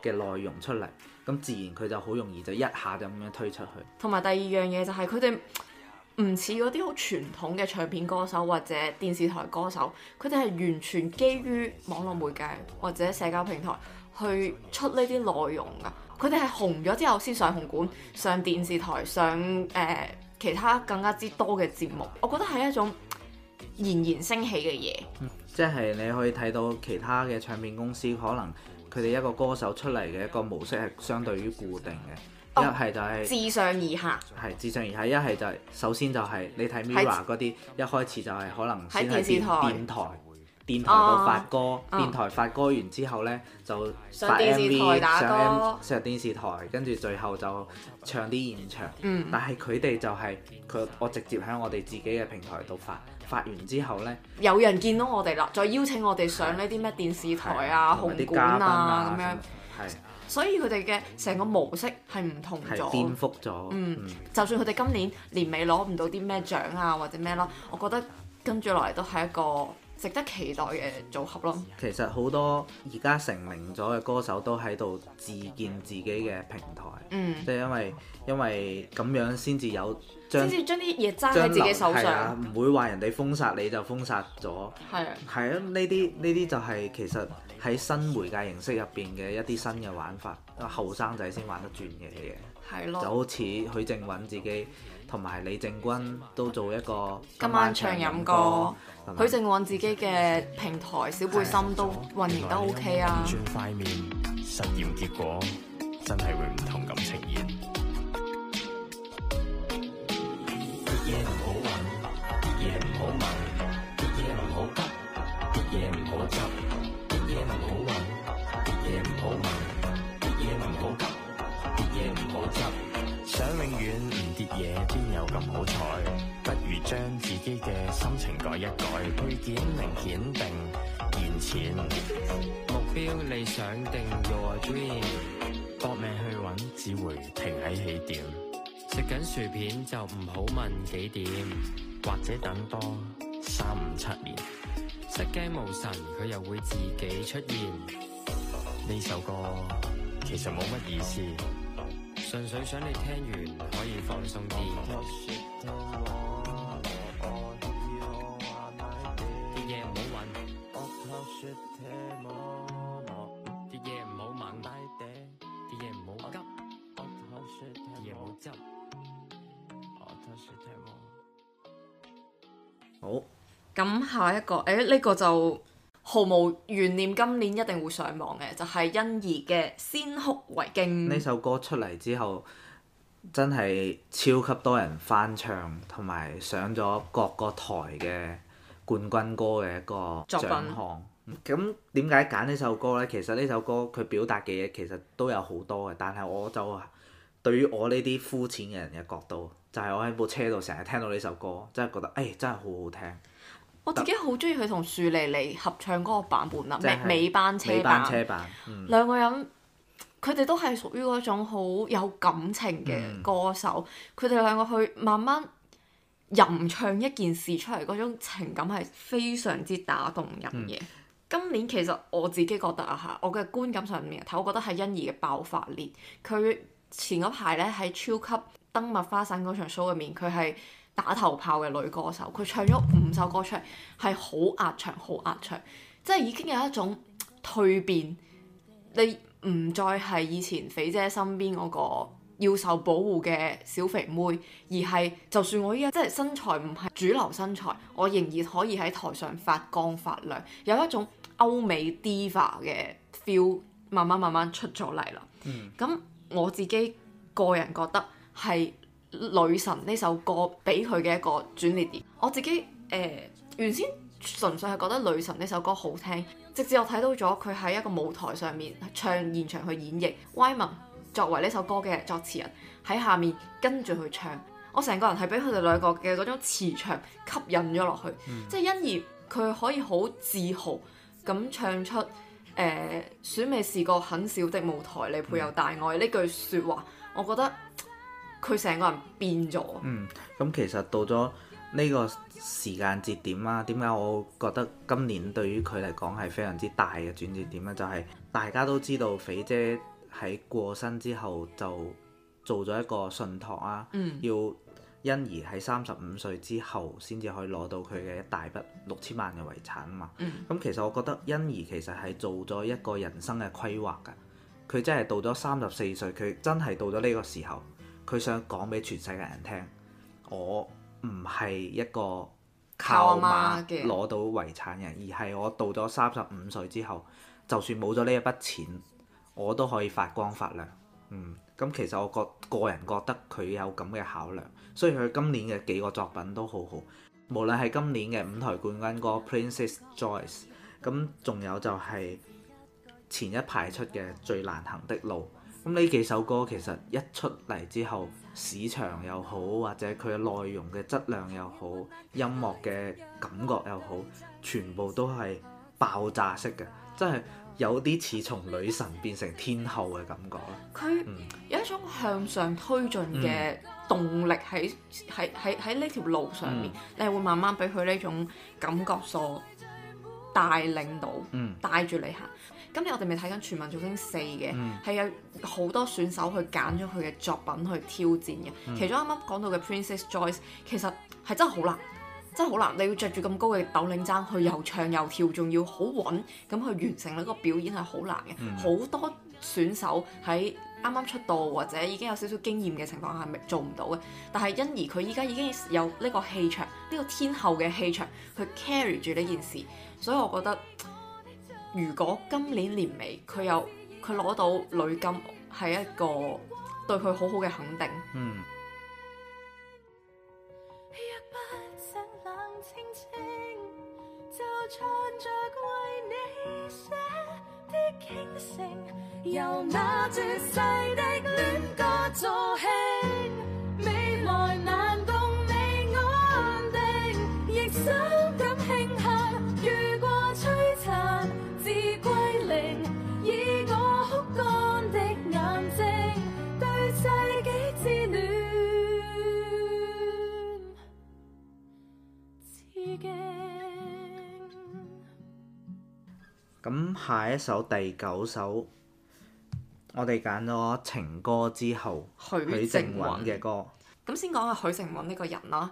S2: 嘅內容出嚟，咁自然佢就好容易就一下就咁樣推出去。
S1: 同埋第二樣嘢就係佢哋。唔似嗰啲好傳統嘅唱片歌手或者電視台歌手，佢哋係完全基於網絡媒介或者社交平台去出呢啲內容噶。佢哋係紅咗之後先上紅館、上電視台、上誒、呃、其他更加之多嘅節目。我覺得係一種冉冉升起嘅嘢。
S2: 即係、嗯就是、你可以睇到其他嘅唱片公司，可能佢哋一個歌手出嚟嘅一個模式係相對於固定嘅。Oh, 一係就係、係、自
S1: 上而下，
S2: 係自上而下。一係就係首先就係你睇 Mirror 嗰啲，一開始就係可能喺電，電，電台、電台度發歌，Oh. Oh. 電台發歌完之後咧就發 MV，上，上，上電視台，跟住最後就唱啲現場。嗯、但係佢哋就係、係、佢，我直接喺我哋自己嘅平台度發，發完之後咧，
S1: 有人見到我哋啦，再邀請我哋上呢啲咩電視台啊、紅館啊咁樣。係。所以佢哋嘅成個模式係唔同咗，係顛覆咗。嗯，嗯，就算佢哋今年年尾攞唔到啲咩獎啊或者咩咯，我覺得跟住落嚟都係一個值得期待嘅組合咯。
S2: 其實好多而家成名咗嘅歌手都喺度自建自己嘅平台，嗯，即係因為因為咁樣先至有先至
S1: 將啲嘢揸喺自己手上，
S2: 唔會話人哋封殺你就封殺咗，係啊，係啊，呢啲呢啲就係其實。喺新媒介形式入邊嘅一啲新嘅玩法，都後生仔先玩得轉嘅嘢，的就好似許靖韻自己同埋李正君都做一個今晚唱飲歌，吧許靖
S1: 韻自己嘅平台小背心都運
S2: 營得 OK 啊！邊有咁好彩？不如將自己嘅心情改一改，配件明顯定現錢目標，你想定 your dream，搏命去揾，只會停喺起點。食緊薯片就唔好問幾點，或者等多三五七年，
S1: 失驚無神佢又會自己出現。呢首歌其實冇乜意思。純粹想你聽完可以放鬆啲，
S3: 啲嘢唔
S2: 好玩，啲嘢唔好問，啲嘢唔好急，啲嘢唔好急。好，
S1: 咁下一個，呢個就。毫無懸念，今年一定會上網嘅就係欣宜嘅《先哭為敬》。呢
S2: 首歌出嚟之後，真係超級多人翻唱，同埋上咗各個台嘅冠軍歌嘅一個獎項。咁點解揀呢首歌咧？其實呢首歌佢表達嘅嘢其實都有好多嘅，但係我就對於我呢啲膚淺嘅人嘅角度，就係、是、我喺部車度成日聽到呢首歌，真係覺得誒、哎、真係好好聽。
S1: 我自己好中意佢同樹莉莉合唱嗰個版本啊，即係尾班車版，兩個人佢哋都係屬於嗰種好有感情嘅歌手，佢哋兩個去慢慢吟唱一件事出嚟，嗰種情感係非常之打動人嘅。嗯、今年其實我自己覺得啊嚇，我嘅觀感上面睇，我覺得係欣宜嘅爆發年。佢前嗰排咧喺超級燈麥花傘嗰場 show 入面，佢係，打頭炮嘅女歌手，佢唱咗五首歌出嚟，係好壓場，好壓場，即係已經有一種蛻變。你唔再係以前肥姐身邊嗰個要受保護嘅小肥妹，而係就算我依家即係身材唔係主流身材，我仍然可以喺台上發光發亮，有一種歐美 diva 嘅 feel，慢慢慢慢出咗嚟啦。嗯，咁我自己個人覺得係。女神呢首歌俾佢嘅一個轉捩點，我自己誒、呃、原先純粹係覺得女神呢首歌好聽，直至我睇到咗佢喺一個舞台上面唱現場去演繹，Wyman、嗯、作為呢首歌嘅作詞人喺下面跟住去唱，我成個人係俾佢哋兩個嘅嗰種磁場吸引咗落去，嗯、即係因而佢可以好自豪咁唱出誒、呃、選美是個很小的舞台你配有大愛呢句說話，我覺得。佢成個人變咗。嗯，
S2: 咁其實到咗呢個時間節點啦、啊，點解我覺得今年對於佢嚟講係非常之大嘅轉折點咧、啊？就係、是、大家都知道，肥姐喺過身之後就做咗一個信託啊，嗯、要欣宜喺三十五歲之後先至可以攞到佢嘅一大筆六千萬嘅遺產啊嘛。咁、嗯嗯、其實我覺得欣宜其實係做咗一個人生嘅規劃㗎。佢真係到咗三十四歲，佢真係到咗呢個時候。佢想講俾全世界人聽，我唔係一個
S1: 靠媽攞
S2: 到遺產人，而係我到咗三十五歲之後，就算冇咗呢一筆錢，我都可以發光發亮。嗯，咁其實我個個人覺得佢有咁嘅考量，所以佢今年嘅幾個作品都好好，無論係今年嘅舞台冠軍歌《Princess Joyce》，咁仲有就係前一排出嘅《最難行的路》。咁呢幾首歌其實一出嚟之後，市場又好，或者佢嘅內容嘅質量又好，音樂嘅感覺又好，全部都係爆炸式嘅，真係有啲似從女神變成天后嘅感覺啦。
S1: 佢有一種向上推進嘅動力喺喺喺喺呢條路上面，嗯、你係會慢慢俾佢呢種感覺所帶領到，帶住、嗯、你行。今日我哋未睇緊全民造星四嘅，係、嗯、有好多選手去揀咗佢嘅作品去挑戰嘅。嗯、其中啱啱講到嘅 Princess Joyce 其實係真係好難，真係好難。你要着住咁高嘅斗領踭去又唱又跳，仲要好穩咁去完成呢個表演係好難嘅。好、嗯、多選手喺啱啱出道或者已經有少少經驗嘅情況下，咪做唔到嘅。但係因而佢依家已經有呢個氣場，呢、這個天后嘅氣場去 carry 住呢件事，所以我覺得。如果今年年尾佢有佢攞到女金，係一個對佢好好嘅肯
S3: 定。嗯。
S2: 咁下一首第九首，我哋揀咗情歌之後，許靖韻嘅歌。
S1: 咁先講下許靖韻呢個人啦。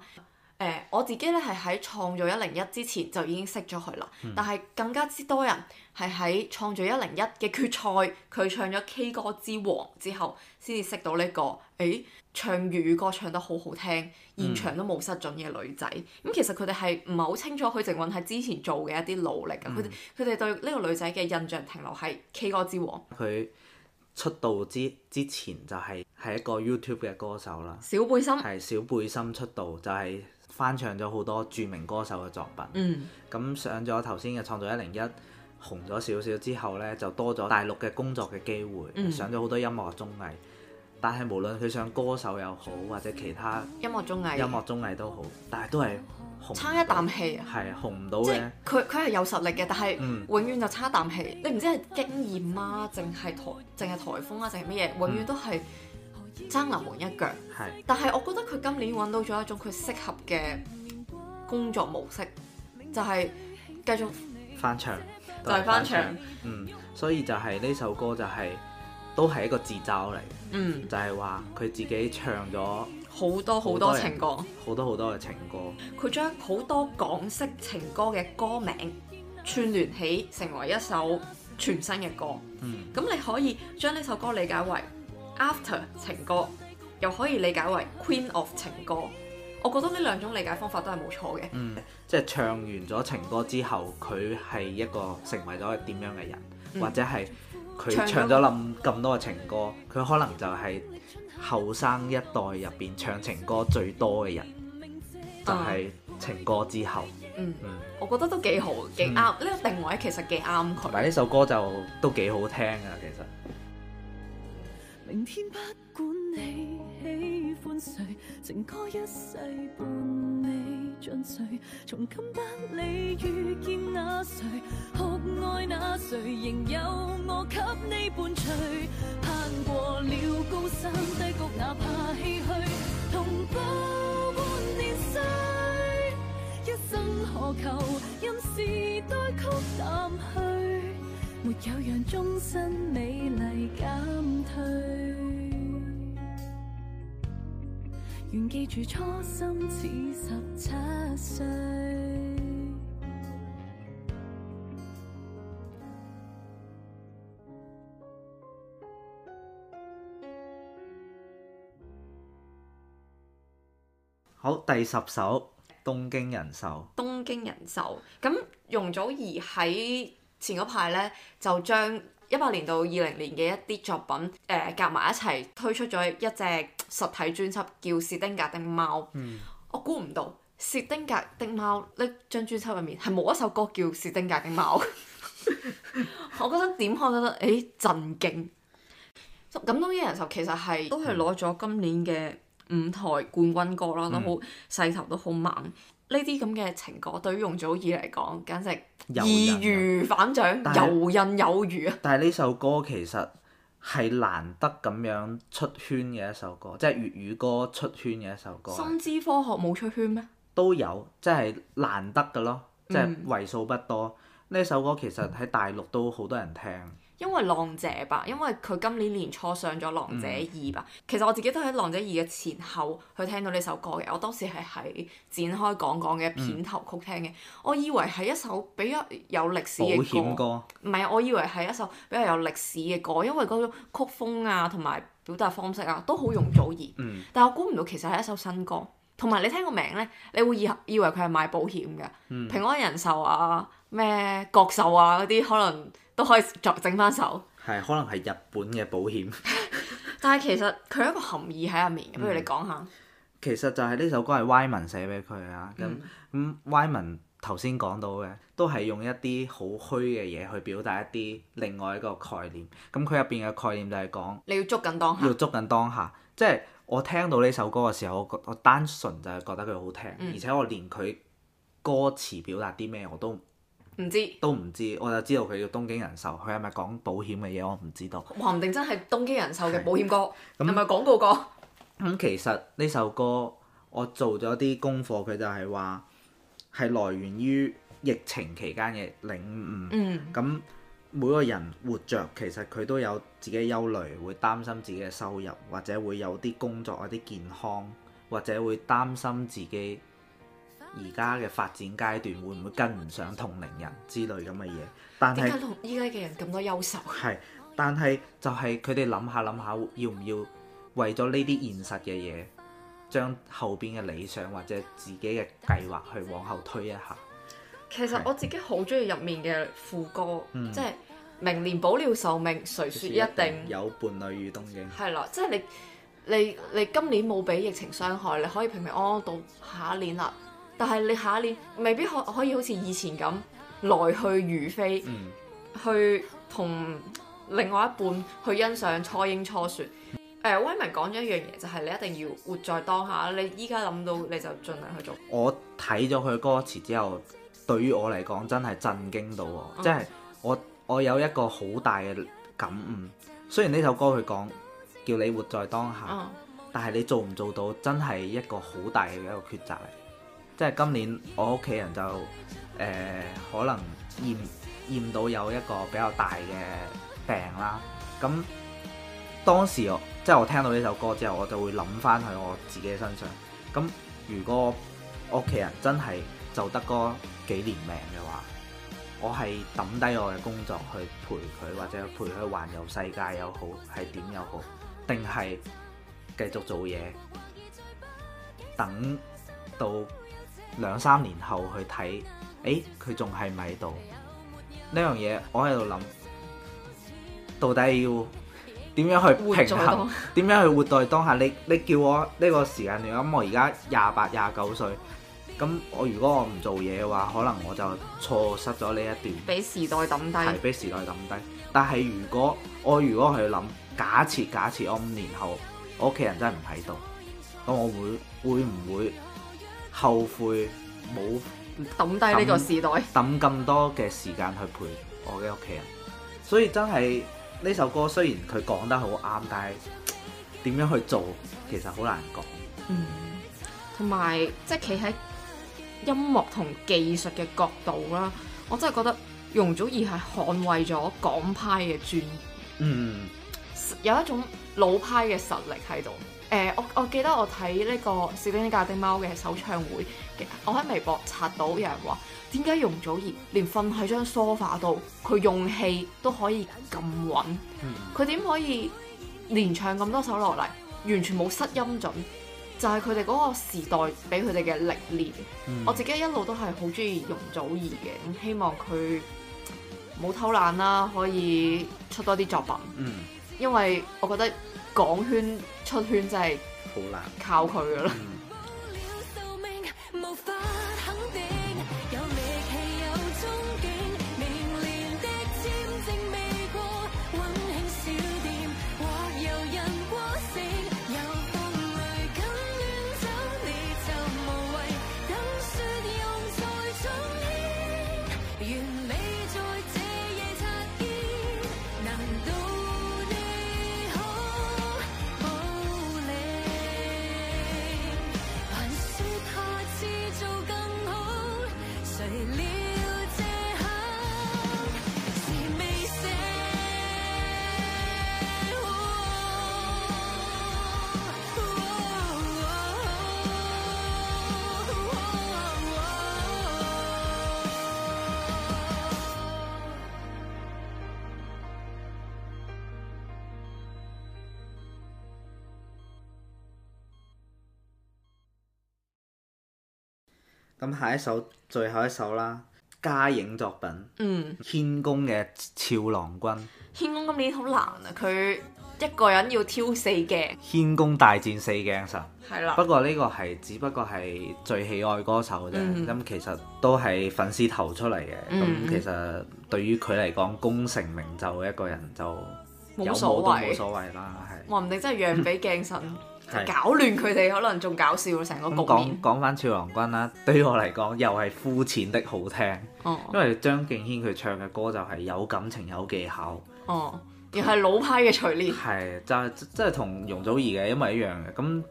S1: 誒、欸、我自己咧係喺創造一零一之前就已經識咗佢啦，嗯、但係更加之多人係喺創造一零一嘅決賽，佢唱咗 K 歌之王之後，先至識到呢、這個誒、欸、唱粵語歌唱得好好聽，現場都冇失準嘅女仔。咁、嗯嗯、其實佢哋係唔係好清楚許靖韻喺之前做嘅一啲努力啊？佢哋佢哋對呢個女仔嘅印象停留喺 K 歌之王。
S2: 佢出道之之前就係係一個 YouTube 嘅歌手啦，小背心係小背心出道就係、是。翻唱咗好多著名歌手嘅作品，咁、嗯、上咗頭先嘅《創造一零一》紅咗少少之後呢，就多咗大陸嘅工作嘅機會，嗯、上咗好多音樂綜藝。但係無論佢上歌手又好，或者其他
S1: 音樂綜藝、音樂綜藝都好，但係都係紅差一啖氣啊。係紅唔到嘅。佢佢係有實力嘅，但係、嗯、永遠就差一啖氣。你唔知係經驗啊，淨係台淨係台風啊，淨係乜嘢，永遠都係。嗯爭牛門一腳，係是，但係我覺得佢今年揾到咗一種佢適合嘅工作模式，就係、是、繼續翻唱，再翻唱，嗯，
S2: 所以就係呢首歌就係、是、都係一個自嘲嚟嘅，嗯，就係話佢自己唱咗
S1: 好多好多情歌，
S2: 好多好多嘅情歌，
S1: 佢將好多港式情歌嘅歌名串聯起，成為一首全新嘅歌，嗯，咁你可以將呢首歌理解為，After 情歌，又可以理解為 Queen of 情歌，我覺得呢兩種理解方法都係冇錯嘅。嗯，
S2: 即係唱完咗情歌之後，佢係一個成為咗點樣嘅人，嗯、或者係佢唱咗咁咁多嘅情歌，佢可能就係後生一代入邊唱情歌最多嘅人，嗯、就係情歌之后。嗯，
S1: 嗯，我覺得都幾好，幾啱呢、嗯、個定位，其實幾啱佢。但呢
S2: 首歌就都幾好聽啊，其實。
S1: 明天不管你喜歡誰，情歌一世
S3: 伴你進睡。從今不理遇見那誰，酷愛那誰，仍有我給你伴隨。攀過了高山低谷，哪怕唏噓，同抱半年歲。一生何求？任時代曲淡去。沒有讓終身美麗減退，願記住初心似十七歲。
S2: 好，第十首《東京人壽》。
S1: 東京人壽。噉容祖兒喺前嗰排呢，就將一八年到二零年嘅一啲作品誒夾埋一齊推出咗一隻實體專輯叫《薛丁、嗯叫嗯、格的貓》。我估唔到《薛丁格的貓》呢張專輯入面係冇一首歌叫《薛丁格的貓》 我。我覺得點看覺得誒震驚！咁《東京人壽》其實係都係攞咗今年嘅五台冠軍歌啦，都好勢頭都好猛。嗯嗯。呢啲咁嘅情歌對於容祖兒嚟講，簡直易如反掌，遊刃有餘
S2: 啊！但係呢首歌其實係難得咁樣出圈嘅一首歌，即係粵語歌出圈嘅一首歌。心
S1: 之科學冇出圈咩？
S2: 都有，即係難得嘅咯，即係為數不多。嗯。呢首歌其實喺大陸都好多人聽。
S1: 因為浪姐吧，因為佢今年年初上咗《浪姐二》吧。嗯、其實我自己都喺《浪姐二》嘅前後去聽到呢首歌嘅。我當時係喺展開講講嘅片頭曲聽嘅。嗯、我以為係一首比較有歷史嘅歌，唔係，我以為係一首比較有歷史嘅歌，因為嗰種曲風啊同埋表達方式啊都好容祖兒。嗯、但我估唔到其實係一首新歌。同埋你聽個名咧，你會以以為佢係賣保險嘅，嗯、平安人壽啊、咩國壽啊嗰啲可能。都可以作整翻首，
S2: 係可能係日本嘅保險。
S1: 但係其實佢一個含義喺入面，嗯、不如你講下。
S2: 其實就係呢首歌係 Y 文寫俾佢啊，咁咁、嗯、Y 文頭先講到嘅，都係用一啲好虛嘅嘢去表達一啲另外一個概念。咁佢入邊嘅概念就係講你要捉緊當下，要捉緊當下。即、就、係、是、我聽到呢首歌嘅時候，我我單純就係覺得佢好聽，嗯、而且我連佢歌詞表達啲咩我都，唔知，嗯、都唔知，我就知道佢叫東京人壽，佢係咪講保險嘅嘢我唔知道。
S1: 話唔定真係東京
S2: 人壽嘅保險歌，係咪廣告歌？咁其實呢首歌我做咗啲功課，佢就係話係來源於疫情期間嘅領悟。嗯，咁每個人活着其實佢都有自己憂慮，會擔心自己嘅收入，或者會有啲工作啊、啲健康，或者會擔心自己。而家嘅發展階段會唔會跟唔上同齡人之類咁嘅嘢？但係同
S1: 依家嘅人咁多優秀係，
S2: 但係就係佢哋諗下諗下，要唔要為咗呢啲現實嘅嘢，將後邊嘅理想或者自己嘅計劃去往後推一下？
S1: 其實我自己好中意入面嘅副歌，的嗯、即係明年保了壽命，誰說一定有伴侶與東京係啦，即係你你你今年冇俾疫情傷害，你可以平平安安，安到下一年啦。但係你下一年未必可可以好似以前咁來去如飛，嗯、去同另外一半去欣賞初櫻初雪。誒、呃，威文講咗一樣嘢，就係、是、你一定要活在當下。你依家諗到，你就盡量去做。
S2: 我睇咗佢歌詞之後，對於我嚟講真係震驚到我，即係、嗯、我我有一個好大嘅感悟。雖然呢首歌佢講叫你活在當下，嗯、但係你做唔做到，真係一個好大嘅一個抉擇嚟。即係今年我屋企人就誒、呃、可能驗驗到有一個比較大嘅病啦。咁當時我即係我聽到呢首歌之後，我就會諗翻喺我自己身上。咁如果屋企人真係就得嗰幾年命嘅話，我係抌低我嘅工作去陪佢，或者陪佢環遊世界又好，係點又好，定係繼續做嘢，等到兩三年後去睇，誒佢仲係咪喺度？呢樣嘢我喺度諗，到底要點樣 去平衡？點樣去活在當下？你你叫我呢個時間段，咁、嗯、我而家廿八廿九歲，咁我如果我唔做嘢嘅話，可能我就錯失咗呢一段，
S1: 俾時代抌低，係
S2: 俾時代抌低。但係如果我如果去諗，假設假設我五年後我屋企人真係唔喺度，咁我會會唔會？後悔冇
S1: 抌低呢個時代，
S2: 抌咁多嘅時間去陪我嘅屋企人，所以真係呢首歌雖然佢講得好啱，但係點樣去做其實好難講。嗯，
S1: 同埋即係企喺音樂同技術嘅角度啦，我真係覺得容祖兒係捍衞咗港派嘅尊嚴，嗯，
S3: 有
S1: 一種老派嘅實力喺度。誒、呃，我我記得我睇呢個《小叮噹》丁貓嘅首唱會，我喺微博刷到有人話：點解容祖兒連瞓喺張梳化度，佢用氣都可以咁穩？佢點、嗯、可以連唱咁多首落嚟，完全冇失音準？就係佢哋嗰個時代俾佢哋嘅歷練。嗯、我自己一路都係好中意容祖兒嘅，希望佢冇偷懶啦，可以出多啲作品。嗯，因為我覺得港圈，出圈真係好難靠佢噶啦。
S2: 咁下一首，最後一首啦，嘉影作品，嗯，軒公嘅《俏郎君》。
S1: 軒公今年好難啊，佢一個人要挑四鏡。
S2: 軒公大戰四鏡神，係啦。不過呢個係只不過係最喜愛歌手啫，咁其實都係粉絲投出嚟嘅。咁其實對於佢嚟講，功成名就嘅一個人就
S1: 冇所
S2: 謂啦，係。
S1: 話唔定真係讓俾鏡神。是搞亂佢哋，可能仲搞笑成個局面。講
S2: 講翻《俏郎君》啦，對於我嚟講，又係膚淺的好聽。哦。因為張敬軒佢唱嘅歌就係有感情、有技巧。哦。又係老派嘅徐練錘煉。係，就係真係同容祖兒嘅，因為一樣嘅。咁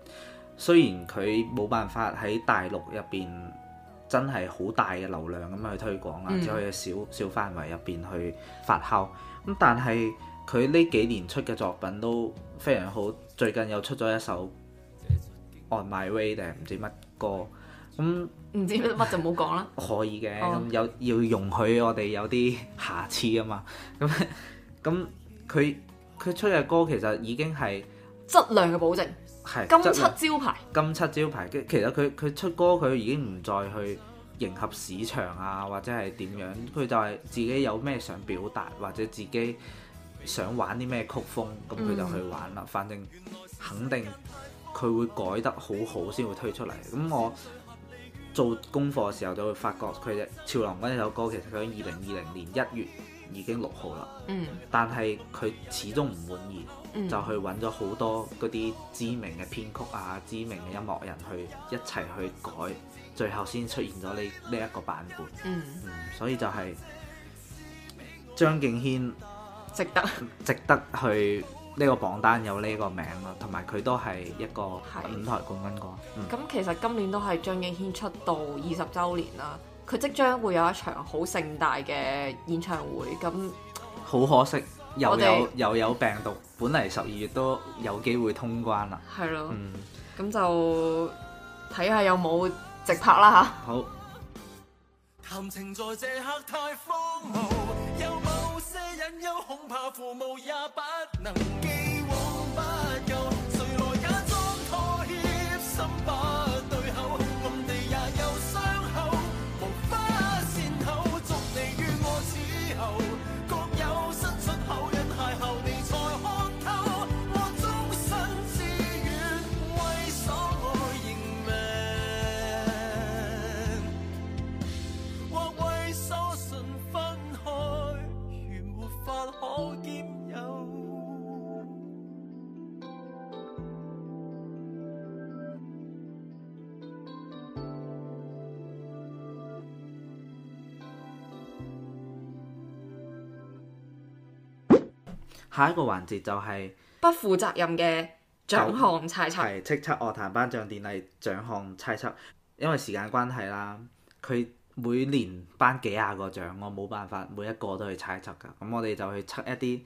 S2: 雖然佢冇辦法喺大陸入邊真係好大嘅流量咁樣去推廣啦，只可以小小範圍入邊去發酵。咁但係佢呢幾年出嘅作品都～非常好，最近又出咗一首《On My Way》定唔知乜歌，咁
S1: 唔知乜就冇講啦。
S2: 可以嘅的，oh. 有要容許我哋有啲瑕疵啊嘛。咁咁佢佢出嘅歌其實已經係
S1: 質量嘅保證，
S2: 係是金漆招牌，金漆招牌。其實佢佢出歌佢已經唔再去迎合市場啊，或者係點樣，佢就係自己有咩想表達或者自己。想玩啲咩曲風，咁佢就去玩啦。嗯、反正肯定佢會改得好好先會推出嚟。咁我做功課嘅時候就會發覺，佢嘅《俏郎君》呢首歌其實佢喺二零二零年一月已經錄好啦。嗯、但係佢始終唔滿意，嗯、就去揾咗好多嗰啲知名嘅編曲啊、嗯、知名嘅音樂人去一齊去改，最後先出現咗呢呢一個版本。嗯，嗯，所以就係張敬軒。值得， 值得去呢個榜單有呢個名啦，同埋佢都係一個五台冠軍歌。
S1: 咁、嗯、其實今年都係張敬軒出道二十週年啦，佢即將會有一場好盛大嘅演唱會。咁
S2: 好可惜，又有有的有病毒，本嚟十二月都有機會通關
S1: 啦。係咯的，咁、嗯、就睇下有冇直拍啦嚇。好。
S3: 談情在這刻太荒謬有某些隱憂，恐怕父母也不能既往不咎。
S2: 下一個環節就係、
S1: 係、不負責任嘅獎
S2: 項猜測，係叱咤樂壇頒獎典禮獎項猜測。因為時間關係啦，佢每年頒幾廿個獎，我冇辦法每一個都去猜測㗎。咁我哋就去測一啲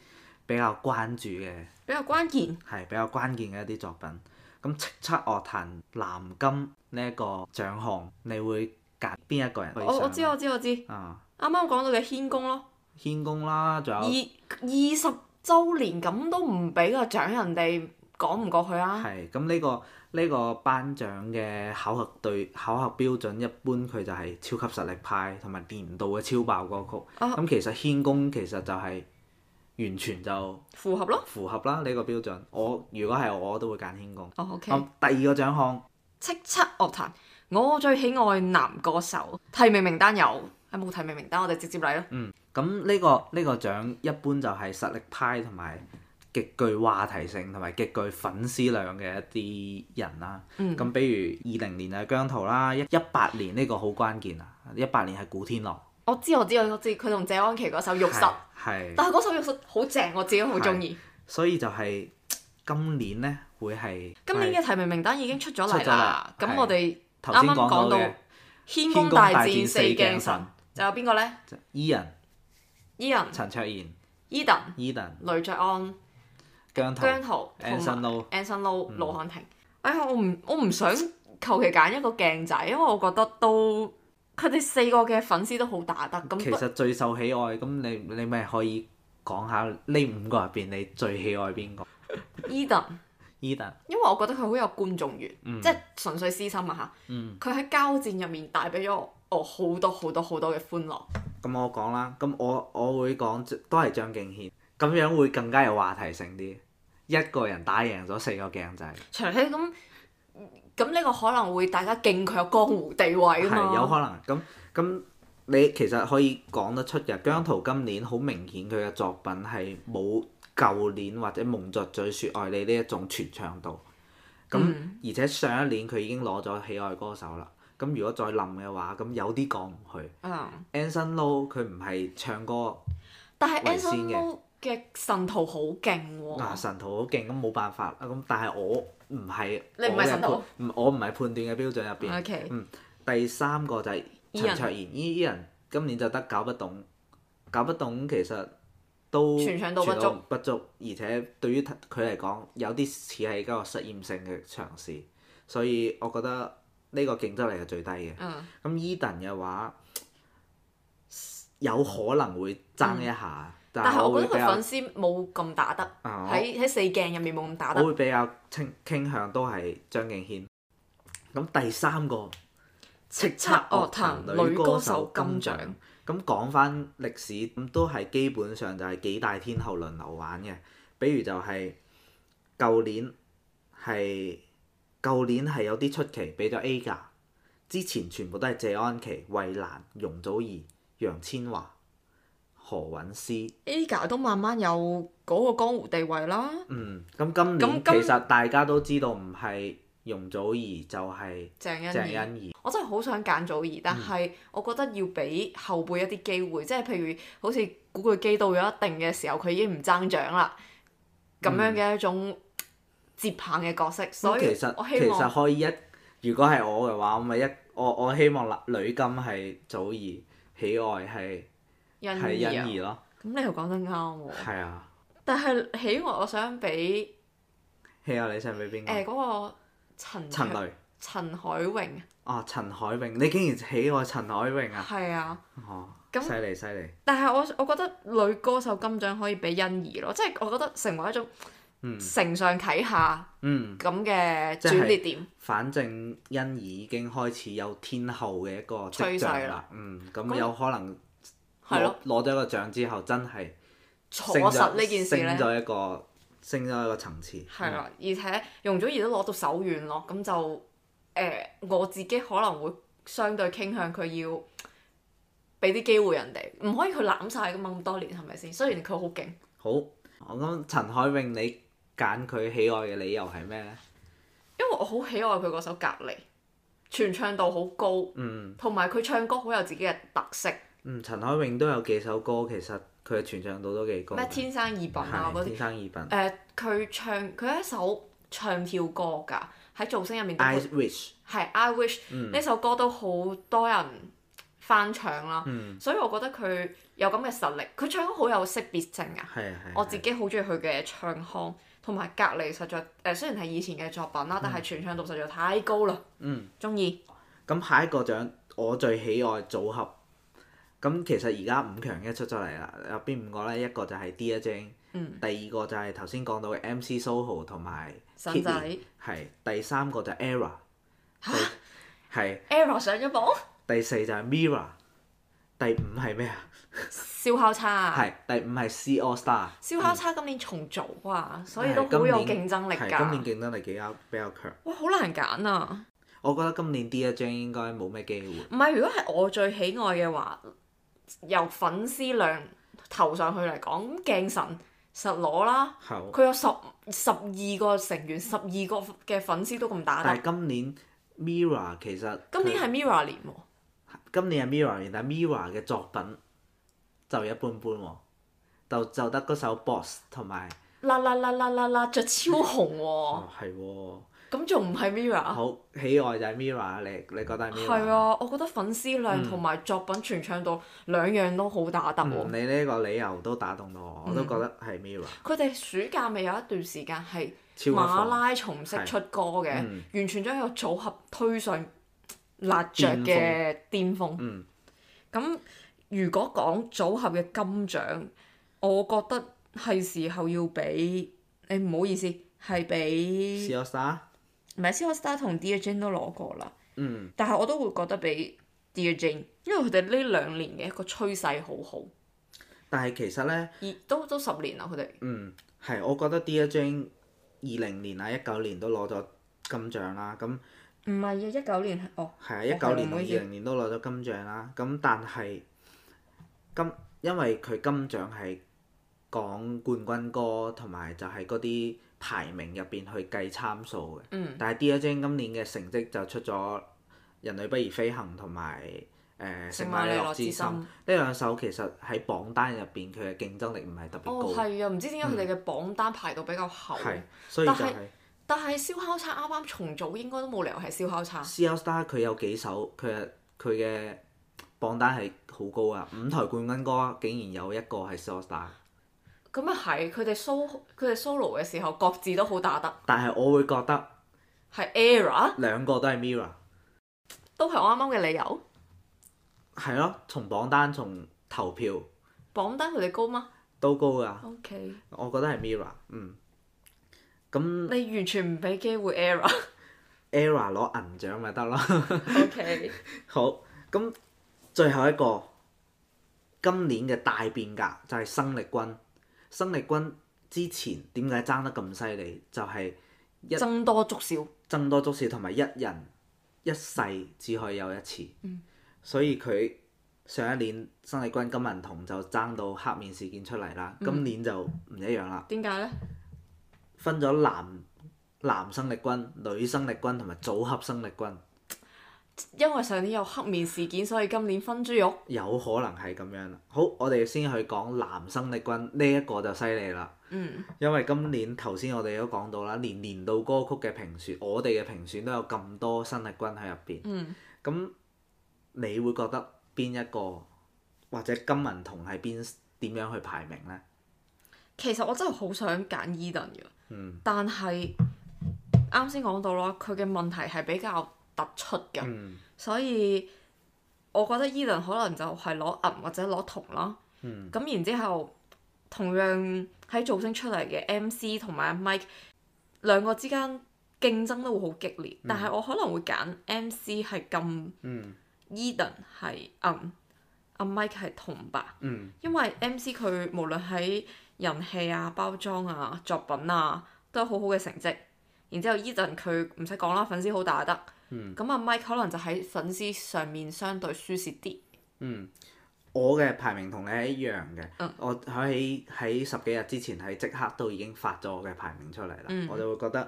S2: 比較關注嘅，比較關鍵係比較關鍵嘅一啲作品。咁叱咤樂壇藍金呢一個獎項，你會揀邊一個人去？我知我知我
S1: 知我知啊！啱啱講到嘅軒公咯，
S2: 軒公啦，仲有
S1: 二二十。周年咁都唔俾個獎人哋講唔過去啊！
S2: 係咁呢個呢、呢個頒獎嘅考核對考核標準，一般佢就係超級實力派同埋年度嘅超爆歌曲。咁、啊、其實軒公其實就係完全就符合咯，符合啦呢、呢個標準。我如果係我都會揀軒公。OK、嗯。第二個獎項，
S1: 叱咤樂壇我最喜愛男歌手提名名單有。冇提名名單，我哋直接嚟咯。嗯，
S2: 咁呢、這個呢、這個獎一般就係實力派同埋極具話題性同埋極具粉絲量嘅一啲人、嗯、啦。嗯，咁比如二零年就姜濤啦，一一八年，呢個好關鍵啊，一八年係古天樂。
S1: 我知我知我知，佢同謝安琪嗰首《玉石》，
S2: 係。但係嗰
S1: 首《玉石》好正，我自己好中意。
S2: 所以就係今年呢，會係今年嘅提
S1: 名名單已經出咗嚟啦。咁我哋頭先講到是《軒公大戰四鏡神》。仲有邊個呢
S2: ？Ian，Ian，陳卓賢
S1: ，Edan，Edan，呂爵安，
S2: 姜濤，姜濤，Anson Lo，Anson Lo，盧瀚
S1: 霆。哎呀，我唔我唔想求其揀一個鏡仔，因為我覺得都佢哋四個嘅粉絲都好打得。咁其實
S2: 最受喜愛，咁你你咪可以講下呢五個入邊你最喜愛邊個
S1: ？Edan，Edan，因為我覺得佢好有觀眾緣，即係純粹私心啊嚇。佢喺交戰入面帶俾咗我。哦，好多好多好多嘅歡樂。
S2: 咁、嗯、我講啦，咁我我會講都係張敬軒，咁樣會更加有話題性啲。一個人打贏咗四個鏡仔。
S1: 長熙，咁咁呢個可能會大家敬佢有江湖地位啊，係有可
S2: 能。咁咁你其實可以講得出嘅。姜途今年好明顯佢嘅作品係冇舊年或者《夢作《最雪愛你》呢一種傳唱度。咁、嗯、而且上一年佢已經攞咗喜愛歌手啦。咁如果再冧嘅話，咁有啲講唔去。Anson Lo 佢唔係唱歌
S1: 但、哦啊，但係 Anson Lo 嘅神徒好勁喎。
S2: 神徒好勁，咁冇辦法啊。咁但係我唔係，我神唔，我唔係判斷嘅標準入邊。Okay. 嗯，第三個就係陳卓賢，依人 Ian, 今年就得搞不懂，搞不懂其實都不足，不足，而且對於佢嚟講，有啲似係一個實驗性嘅嘗試，所以我覺得，呢個競爭力係最低嘅。咁 Edan 嘅話有可能會爭一下，嗯、就是 但係我覺得佢粉絲
S1: 冇咁打得，喺喺、嗯、四鏡入面冇咁打得。我會
S2: 比較傾傾向都係張敬軒。咁第三個叱咤樂壇女歌手金獎。咁講返歷史，咁都係基本上就係幾大天后輪流玩嘅。比如就係舊年係。舊年係有啲出奇，俾咗 AGA 之前全部都係謝安琪、衛蘭、容祖兒、楊千嬅、何韻詩。
S1: AGA 都慢慢有嗰個江湖地位啦。嗯，
S2: 咁今年今其實大家都知道唔係容祖兒就係、
S1: 是、鄭欣宜。欣宜我真係好想揀祖兒，但係我覺得要俾後輩一啲機會，嗯、即係譬如好似古巨基到咗一定嘅時候，佢已經唔爭獎啦。
S2: 咁樣嘅
S1: 一種、嗯。接棒嘅角色，所以我希望其實可
S2: 以一，如果係我嘅話，我咪一我我希望男女金係祖兒，喜愛係欣宜啊，欣宜咯。
S1: 咁你又講得啱喎。係啊。但係喜愛，我想俾。
S2: 喜愛、啊，你想俾邊個？誒、
S1: 呃，嗰個陳陳、陳蕾、陳海榮。
S2: 啊！陳海榮，你竟然喜愛陳海榮啊？係啊。哦，咁犀利犀利。
S1: 但係我我覺得女歌手金獎可以俾欣宜咯，即係我覺得成為一種。嗯，承上啟下，
S2: 嗯，咁
S1: 嘅轉捩點。
S2: 反正欣宜已經開始有天后嘅一個趨勢啦。嗯，咁有可能攞攞咗一個獎之後，真係
S1: 坐實呢件事咧，升咗一
S2: 個，升咗一個層次。係啊，
S1: 而且容祖兒都攞到手軟咯，咁就誒，我自己可能會相對傾向佢要俾啲機會人哋，唔可以佢攬晒噶嘛，咁多年係咪先？雖然佢好勁，
S2: 好，我諗陳海穎你。揀佢喜愛嘅理由係咩咧？
S1: 因為我好喜愛佢嗰首《隔離》，傳唱度好高，
S2: 嗯，同
S1: 埋佢唱歌好有自己嘅特色。
S2: 嗯，陳凱詠都有幾首歌，其實佢嘅傳唱度都幾高。咩《天生
S1: 二品》啊？係《天生二品》。誒，佢唱佢一首唱跳歌㗎，喺造星入面讀係《I Wish》。係《I Wish》呢首歌都好多人翻唱啦，所以我覺得佢有咁嘅實力。佢唱歌好有識別性啊，係
S2: 係我自
S1: 己好中意佢嘅唱腔。同埋隔離，實在誒，雖然係以前嘅作品啦，但係傳唱度實在太高啦。嗯，中意。
S2: 咁、嗯、下一個獎，我最喜愛組合。咁其實而家五強一出咗嚟啦，有邊五個咧？一個就係 Dear Jane，嗯、第二個就係頭先講到嘅 MC Soho 同埋 Kidney。係，第三個就係 Error。吓？係
S1: ，Error 上咗榜，
S2: 第四就係 Mirror，第五係咩啊？
S1: 燒烤叉係
S2: 第五係 C All Star。燒烤叉
S1: 今年重組啊，嗯、所以都好有競爭力噶。今年
S2: 競爭力比較比較強，
S1: 哇，好難揀啊！
S2: 我覺得今年 D 一章應該冇咩機會。
S1: 唔係，如果係我最喜愛嘅話，由粉絲量投上去嚟講，咁鏡神實攞啦。佢好有十十二個成員，十二個嘅粉絲都咁打。但係
S2: 今年 m i r r o r 其實今年係 m i r r o r 年。今年係 m i r r o r 年，但 m i r r o r 嘅作品。就一般般喎、哦，就就得嗰首 oss，《Boss》同埋。
S1: 啦啦啦啦啦啦，着超紅
S2: 喎、哦！咁仲唔係 Mirror？好喜愛就係 Mirror，你你覺得？係
S1: 啊，我覺得粉絲量同埋作品傳唱度兩樣都好打動我、哦
S2: 嗯、你呢個理由都打動到我，我都覺得係 Mirror。
S1: 佢哋、嗯、暑假咪有一段時間係馬拉松式出歌嘅，嗯、完全將個組合推上辣着」嘅巔峰。咁、嗯。嗯。如果講組合嘅金獎，我覺得係時候要俾，誒、欸、唔好意思，係俾。C AllStar 唔係 C AllStar 同 Dear Jane 都攞過啦。嗯。但係我都會覺得俾 Dear Jane，因為佢哋呢兩年嘅一個趨勢好好。
S2: 但係其實咧，
S1: 都都十年啦，佢哋。
S2: 嗯，係，我覺得 Dear Jane 二零年啊，一九年都攞咗金獎啦。咁
S1: 唔係啊，一九年
S2: 哦，係啊，一九年同二零年都攞咗金獎啦。咁但係。金因為佢金獎係講冠軍歌同埋就係嗰啲排名入邊去計參數嘅。嗯、但係 Dear Jane 今年嘅成績就出咗《人類不宜飛行》同、呃、埋《誒乘馬落之心》，呢兩首其實喺榜單入邊佢嘅競爭力唔係特別高。哦，係啊，
S1: 唔知點解佢哋嘅榜單排到比較後。係、嗯，所以就係、是。但係是燒是烤叉，啱啱重組應該都冇理由係燒烤叉。
S2: CL Star 佢有幾首佢佢嘅。榜單係好高啊！五台冠軍歌竟然有一個係 Solo。
S1: 咁啊係，佢哋 Solo 嘅時候，各自都好打得。
S2: 但係我會覺得
S1: 係 Error
S2: 兩個都係 Mirror，
S1: 都係我啱啱嘅理由。
S2: 係咯，從榜單，從投票。
S1: 榜單佢哋高嗎？
S2: 都高噶。O K。我覺得係 Mirror，嗯。咁你
S1: 完全唔俾機會 Error。
S2: Error 攞銀獎咪得咯。
S1: O K。
S2: 好，咁。最後一個今年嘅大變革就係、是、生力軍。生力軍之前點解爭得咁犀利？就係、是、一僧多粥少，僧多粥少同埋一人一世只可以有一次。嗯、所以佢上一年生力軍金銀銅就爭到黑面事件出嚟啦。嗯、今年就唔一樣啦。點解咧？分咗男男生力軍、女生力軍同埋組合生力軍。
S1: 因為上年有黑面事件，所以今年分豬肉
S2: 有可能係咁樣啦。好，我哋先去講《男生力軍》呢、這、一個就犀利啦。嗯。因為今年頭先我哋都講到啦，連年度歌曲嘅評選，我哋嘅評選都有咁多生力軍喺入邊。嗯。咁，你會覺得邊一個或者金文銅係邊點樣去排名呢？
S1: 其實我真係好想揀 Edan 嘅，嗯、但係啱先講到啦，佢嘅問題係比較。突出嘅，嗯、所以我覺得 Edan 可能就係攞銀或者攞銅啦。咁、嗯、然之後，同樣喺造星出嚟嘅 M.C. 同埋 Mike 兩個之間競爭都會好激烈。嗯、但係我可能會揀 M.C. 係金，Edan 係銀，阿 Mike 係銅吧。嗯、因為 M.C. 佢無論喺人氣啊、包裝啊、作品啊，都有好好嘅成績。然之後 Edan 佢唔使講啦，粉絲好打得。咁啊，Mike 可能就喺粉絲上面相對舒適啲。嗯，
S2: 我嘅排名同你係一樣嘅。嗯，我喺喺十幾日之前係即刻都已經發咗我嘅排名出嚟啦。嗯，我就會覺得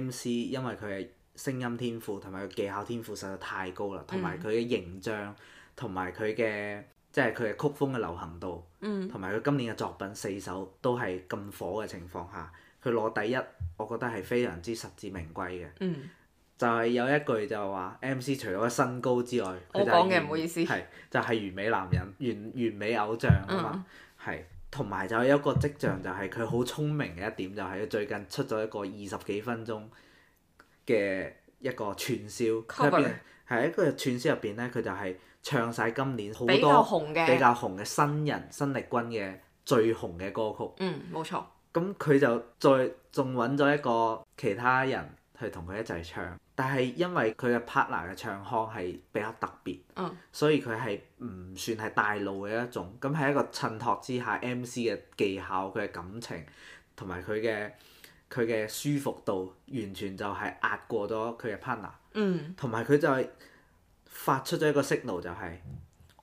S2: MC 因為佢嘅聲音天賦同埋佢技巧天賦實在太高啦，同埋佢嘅形象同埋佢嘅即係佢嘅曲風嘅流行度，嗯，同埋佢今年嘅作品四首都係咁火嘅情況下，佢攞第一，我覺得係非常之實至名歸嘅。嗯。就係有一句就係話，MC 除咗身高之外，佢講嘅唔好意思，係就係、是、完美男人、完完美偶像啊嘛，係同埋就有一個跡象，就係佢好聰明嘅一點，就係佢最近出咗一個二十幾分鐘嘅一個串燒，入邊係一個串燒入邊咧，佢就係唱晒今年好多紅嘅比較紅嘅新人新力軍嘅最紅嘅歌曲，嗯，冇錯。咁佢就再仲揾咗一個其他人去同佢一齊唱。但係因為佢嘅 partner 嘅唱腔係比較特別，嗯、哦，所以佢係唔算係大路嘅一種，咁喺一個襯托之下，MC 嘅技巧、佢嘅感情同埋佢嘅佢嘅舒服度，完全就係壓過咗佢嘅 partner。嗯，同埋佢就係發出咗一個 signal，就係、是、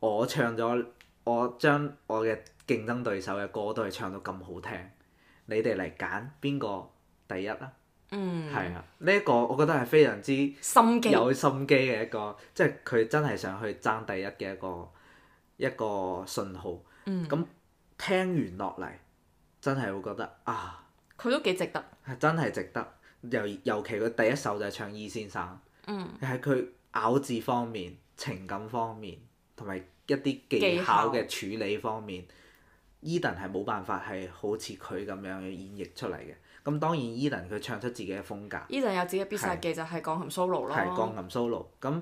S2: 我唱咗，我將我嘅競爭對手嘅歌都係唱到咁好聽，你哋嚟揀邊個第一啊。嗯，係啊，呢一個我覺得係非常之心機，有心機嘅一個，即係佢真係想去爭第一嘅一個一個信號。
S1: 嗯，咁
S2: 聽完落嚟，真係會覺得啊，
S1: 佢都幾值得，
S2: 係真係值得。尤尤其佢第一首就係唱《E 先生》，嗯，係佢咬字方面、情感方面同埋一啲技巧嘅處理方面巧，Edan 係冇辦法係好似佢咁樣演繹出嚟嘅。咁當然，Edan 佢唱出自己嘅風格。
S1: Edan 有自己嘅必殺技是就係鋼琴 solo 咯。係鋼
S2: 琴 solo。咁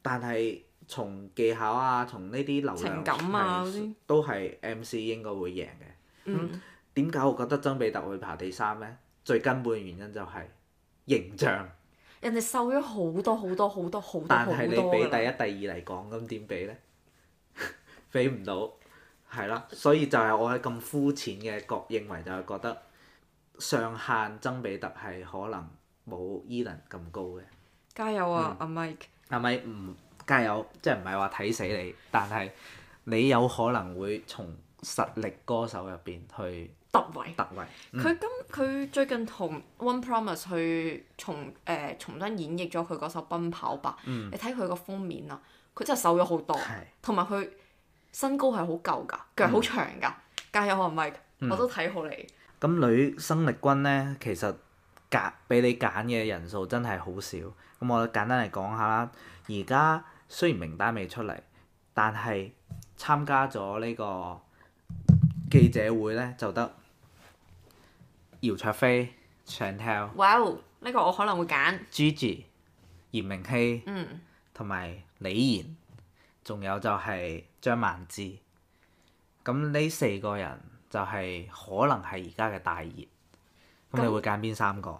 S2: 但係從技巧啊，從呢啲流量情感啊，是都係 MC 應該會贏嘅。嗯。點解我覺得曾比特會排第三咧？最根本嘅原因就係形象。
S1: 人哋瘦咗好多好多好多好多好多好多，但係你比第
S2: 一、第二嚟講，咁點比咧？ 比唔到，係啦。所以就係我喺咁膚淺嘅覺認為，就係覺得。就係覺得上限曾比特係可能冇伊能咁高嘅，
S1: 加油啊，
S2: 阿、嗯、Mike！阿、啊、Mike 唔、嗯、加油，即係唔係話睇死你，但係你有可能會從實力歌手入邊去突圍慧，突圍。佢、
S1: 嗯、咁，佢最近同 One Promise 去重誒、呃、重新演繹咗佢嗰首《奔跑吧》嗯。你睇佢個封面啊，佢真係瘦咗好多，同埋佢身高係好夠㗎，腳好長㗎。嗯、加油啊，Mike！、嗯、我都睇好你。
S2: 咁女生力軍咧，其實揀俾你揀嘅人數真係好少。咁我簡單嚟講下啦。而家雖然名單未出嚟，但係參加咗呢個記者會咧，就得姚卓菲、Chantelle、哇、
S1: wow！呢個我可能會揀
S2: Gigi、嚴明熙、同埋、嗯、李妍，仲有就係張曼芝。咁呢四個人。就係可能係而家嘅大熱，咁你會揀邊三個？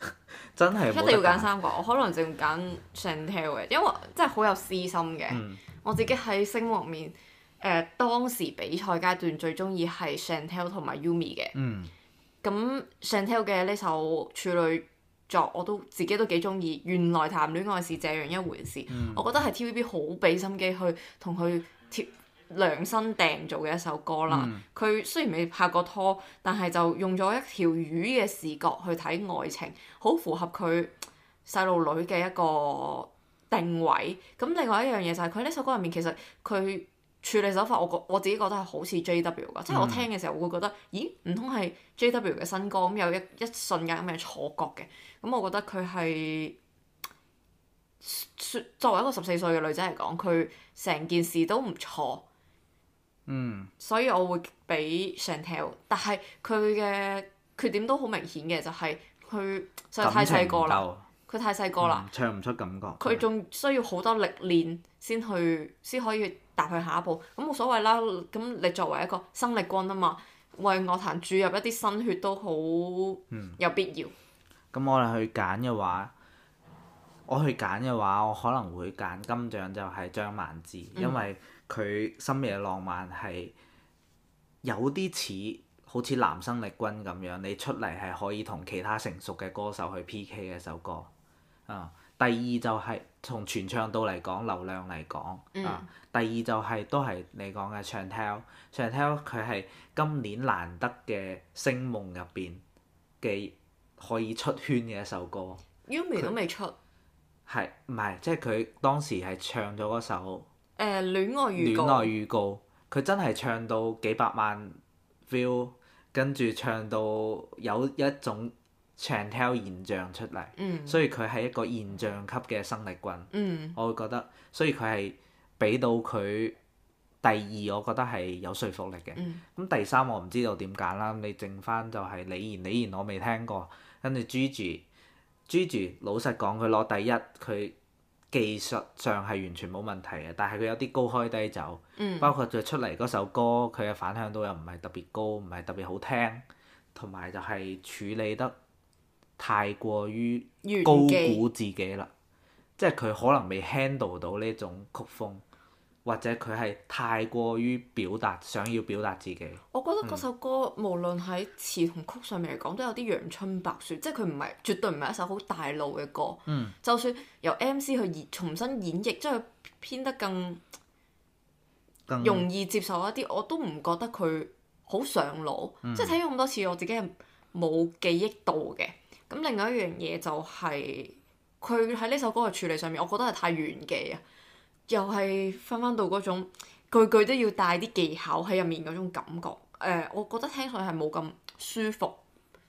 S2: 那 真係一定要揀三
S1: 個，我可能淨揀 Chantelle 嘅，因為真係好有私心嘅。嗯、我自己喺聲夢面誒、呃、當時比賽階段最中意係 Chantelle 同埋 Yumi 嘅。咁、嗯、Chantelle 嘅呢首處女作我都自己都幾中意。原來談戀愛是這樣一回事，嗯、我覺得係 TVB 好俾心機去同佢貼量身訂做嘅一首歌啦，佢、嗯、雖然未拍過拖，但係就用咗一條魚嘅視角去睇愛情，好符合佢細路女嘅一個定位。咁另外一樣嘢就係佢呢首歌入面，其實佢處理手法我，我覺我自己覺得係好似 JW 嘅，嗯、即係我聽嘅時候，我會覺得，咦，唔通係 JW 嘅新歌咁有一一瞬間咁嘅錯覺嘅。咁我覺得佢係作為一個十四歲嘅女仔嚟講，佢成件事都唔錯。嗯，所以我會俾上 tell，但係佢嘅缺點都好明顯嘅，就係佢就太細個啦，佢夠太細個啦，
S2: 唱唔出感覺，佢
S1: 仲需要好多歷練先去，先可以踏去下一步。咁、嗯、冇所謂啦，咁你作為一個生力軍啊嘛，為樂壇注入一啲新血都好有必要。
S2: 咁、嗯、我哋去揀嘅話，我去揀嘅話，我可能會揀金獎就係張蔓姿，因為、嗯。佢深夜浪漫係有啲似好似男生力軍咁樣，你出嚟係可以同其他成熟嘅歌手去 PK 嘅一首歌。啊、嗯，第二就係、是、從傳唱度嚟講，流量嚟講，啊、嗯，第二就係、是、都係你講嘅 Chantel，Chantel 佢係今年難得嘅星夢入邊嘅可以出圈嘅一首歌。Y umi 都未他出，係唔係？即係佢當時係唱咗嗰首。
S1: 誒戀愛預戀愛預
S2: 告，佢真係唱到幾百萬 view，跟住唱到有一種唱跳現象出嚟，嗯、所以佢係一個現象級嘅生力軍，嗯、我會覺得，所以佢係俾到佢第二，我覺得係有說服力嘅。咁、嗯、第三我唔知道點揀啦，你剩翻就係李賢，李賢我未聽過，跟住 Gigi，Gigi 老實講佢攞第一佢。技術上係完全冇問題嘅，但係佢有啲高開低走，嗯、包括佢出嚟嗰首歌，佢嘅反響度又唔係特別高，唔係特別好聽，同埋就係處理得太過於高估自己啦，機即係佢可能未 handle 到呢種曲風。或者佢係太過於表達，想要表達自己。
S1: 我覺得嗰首歌、嗯、無論喺詞同曲上面嚟講，都有啲陽春白雪，即係佢唔係絕對唔係一首好大路嘅歌。嗯、就算由 MC 去重新演繹，即係佢編得更容易接受一啲，嗯、我都唔覺得佢好上腦。嗯、即係睇咗咁多次，我自己係冇記憶到嘅。咁另外一樣嘢就係佢喺呢首歌嘅處理上面，我覺得係太玄機啊！又係翻翻到嗰種句句都要帶啲技巧喺入面嗰種感覺，誒、呃，我覺得聽上去係冇咁舒服，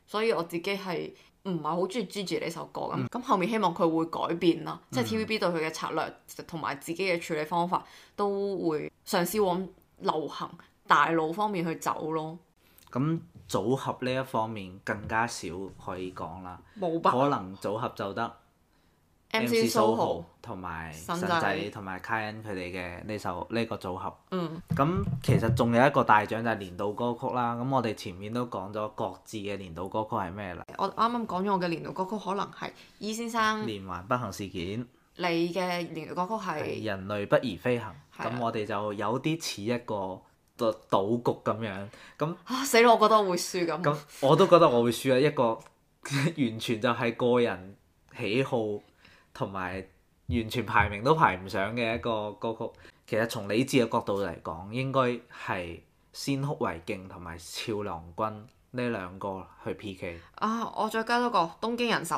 S1: 所以我自己係唔係好中意 Gigi 呢首歌咁。咁、嗯、後面希望佢會改變啦，即係 TVB 對佢嘅策略同埋自己嘅處理方法都會嘗試往流行大路方面去走咯。
S2: 咁組合呢一方面更加少可以講啦，
S1: 冇可能
S2: 組合就得。MC $oHo 同埋神仔同埋 Kayan 佢哋嘅呢首呢個組合，嗯，咁其實仲有一個大獎就係年度歌曲啦。咁我哋前面都講咗各自嘅年度歌曲係咩啦。
S1: 我啱啱講咗我嘅年度歌曲可能係 E 先生《連
S2: 環不幸事件》，你嘅年度歌曲係《人類不宜飛行》啊。咁我哋就有啲似一個賭局咁樣。咁
S1: 啊死啦！我覺得我會輸咁。咁那
S2: 我都覺得我會輸啊！一個完全就係個人喜好。同埋完全排名都排唔上嘅一個歌曲，其實從理智嘅角度嚟講，應該係《先哭為敬》同埋《俏郎君》呢兩個去 PK。
S1: 啊，我再加多個《東京人壽》。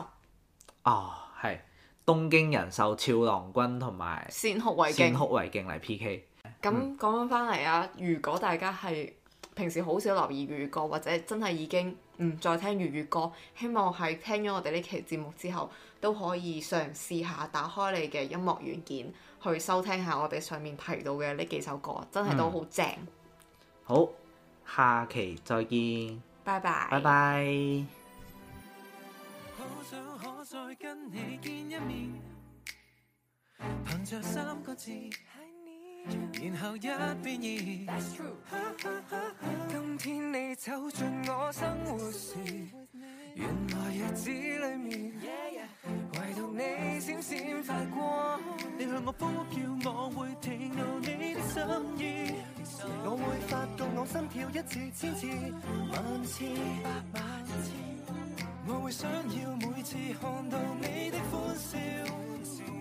S2: 哦，係《東京人壽》《俏郎君》同埋《先哭為敬》《先哭為敬》嚟 PK。咁
S1: 講翻翻嚟啊！如果大家係平時好少留意粵語歌，或者真係已經唔再聽粵語歌，希望係聽咗我哋呢期節目之後。都可以嘗試下，打開你嘅音樂軟件去收聽下我哋上面提到嘅呢幾首歌，真係都好正。嗯，
S2: 好，下期再見，
S1: 拜
S2: 拜，
S3: 拜拜。拜拜。原來日子裏面，yeah, yeah, 唯獨你閃閃發光。 你向我呼叫，我會聽到你的心意。 我會發覺我心跳一次千次、萬次、百萬次。 我會想要每次看到你的歡笑。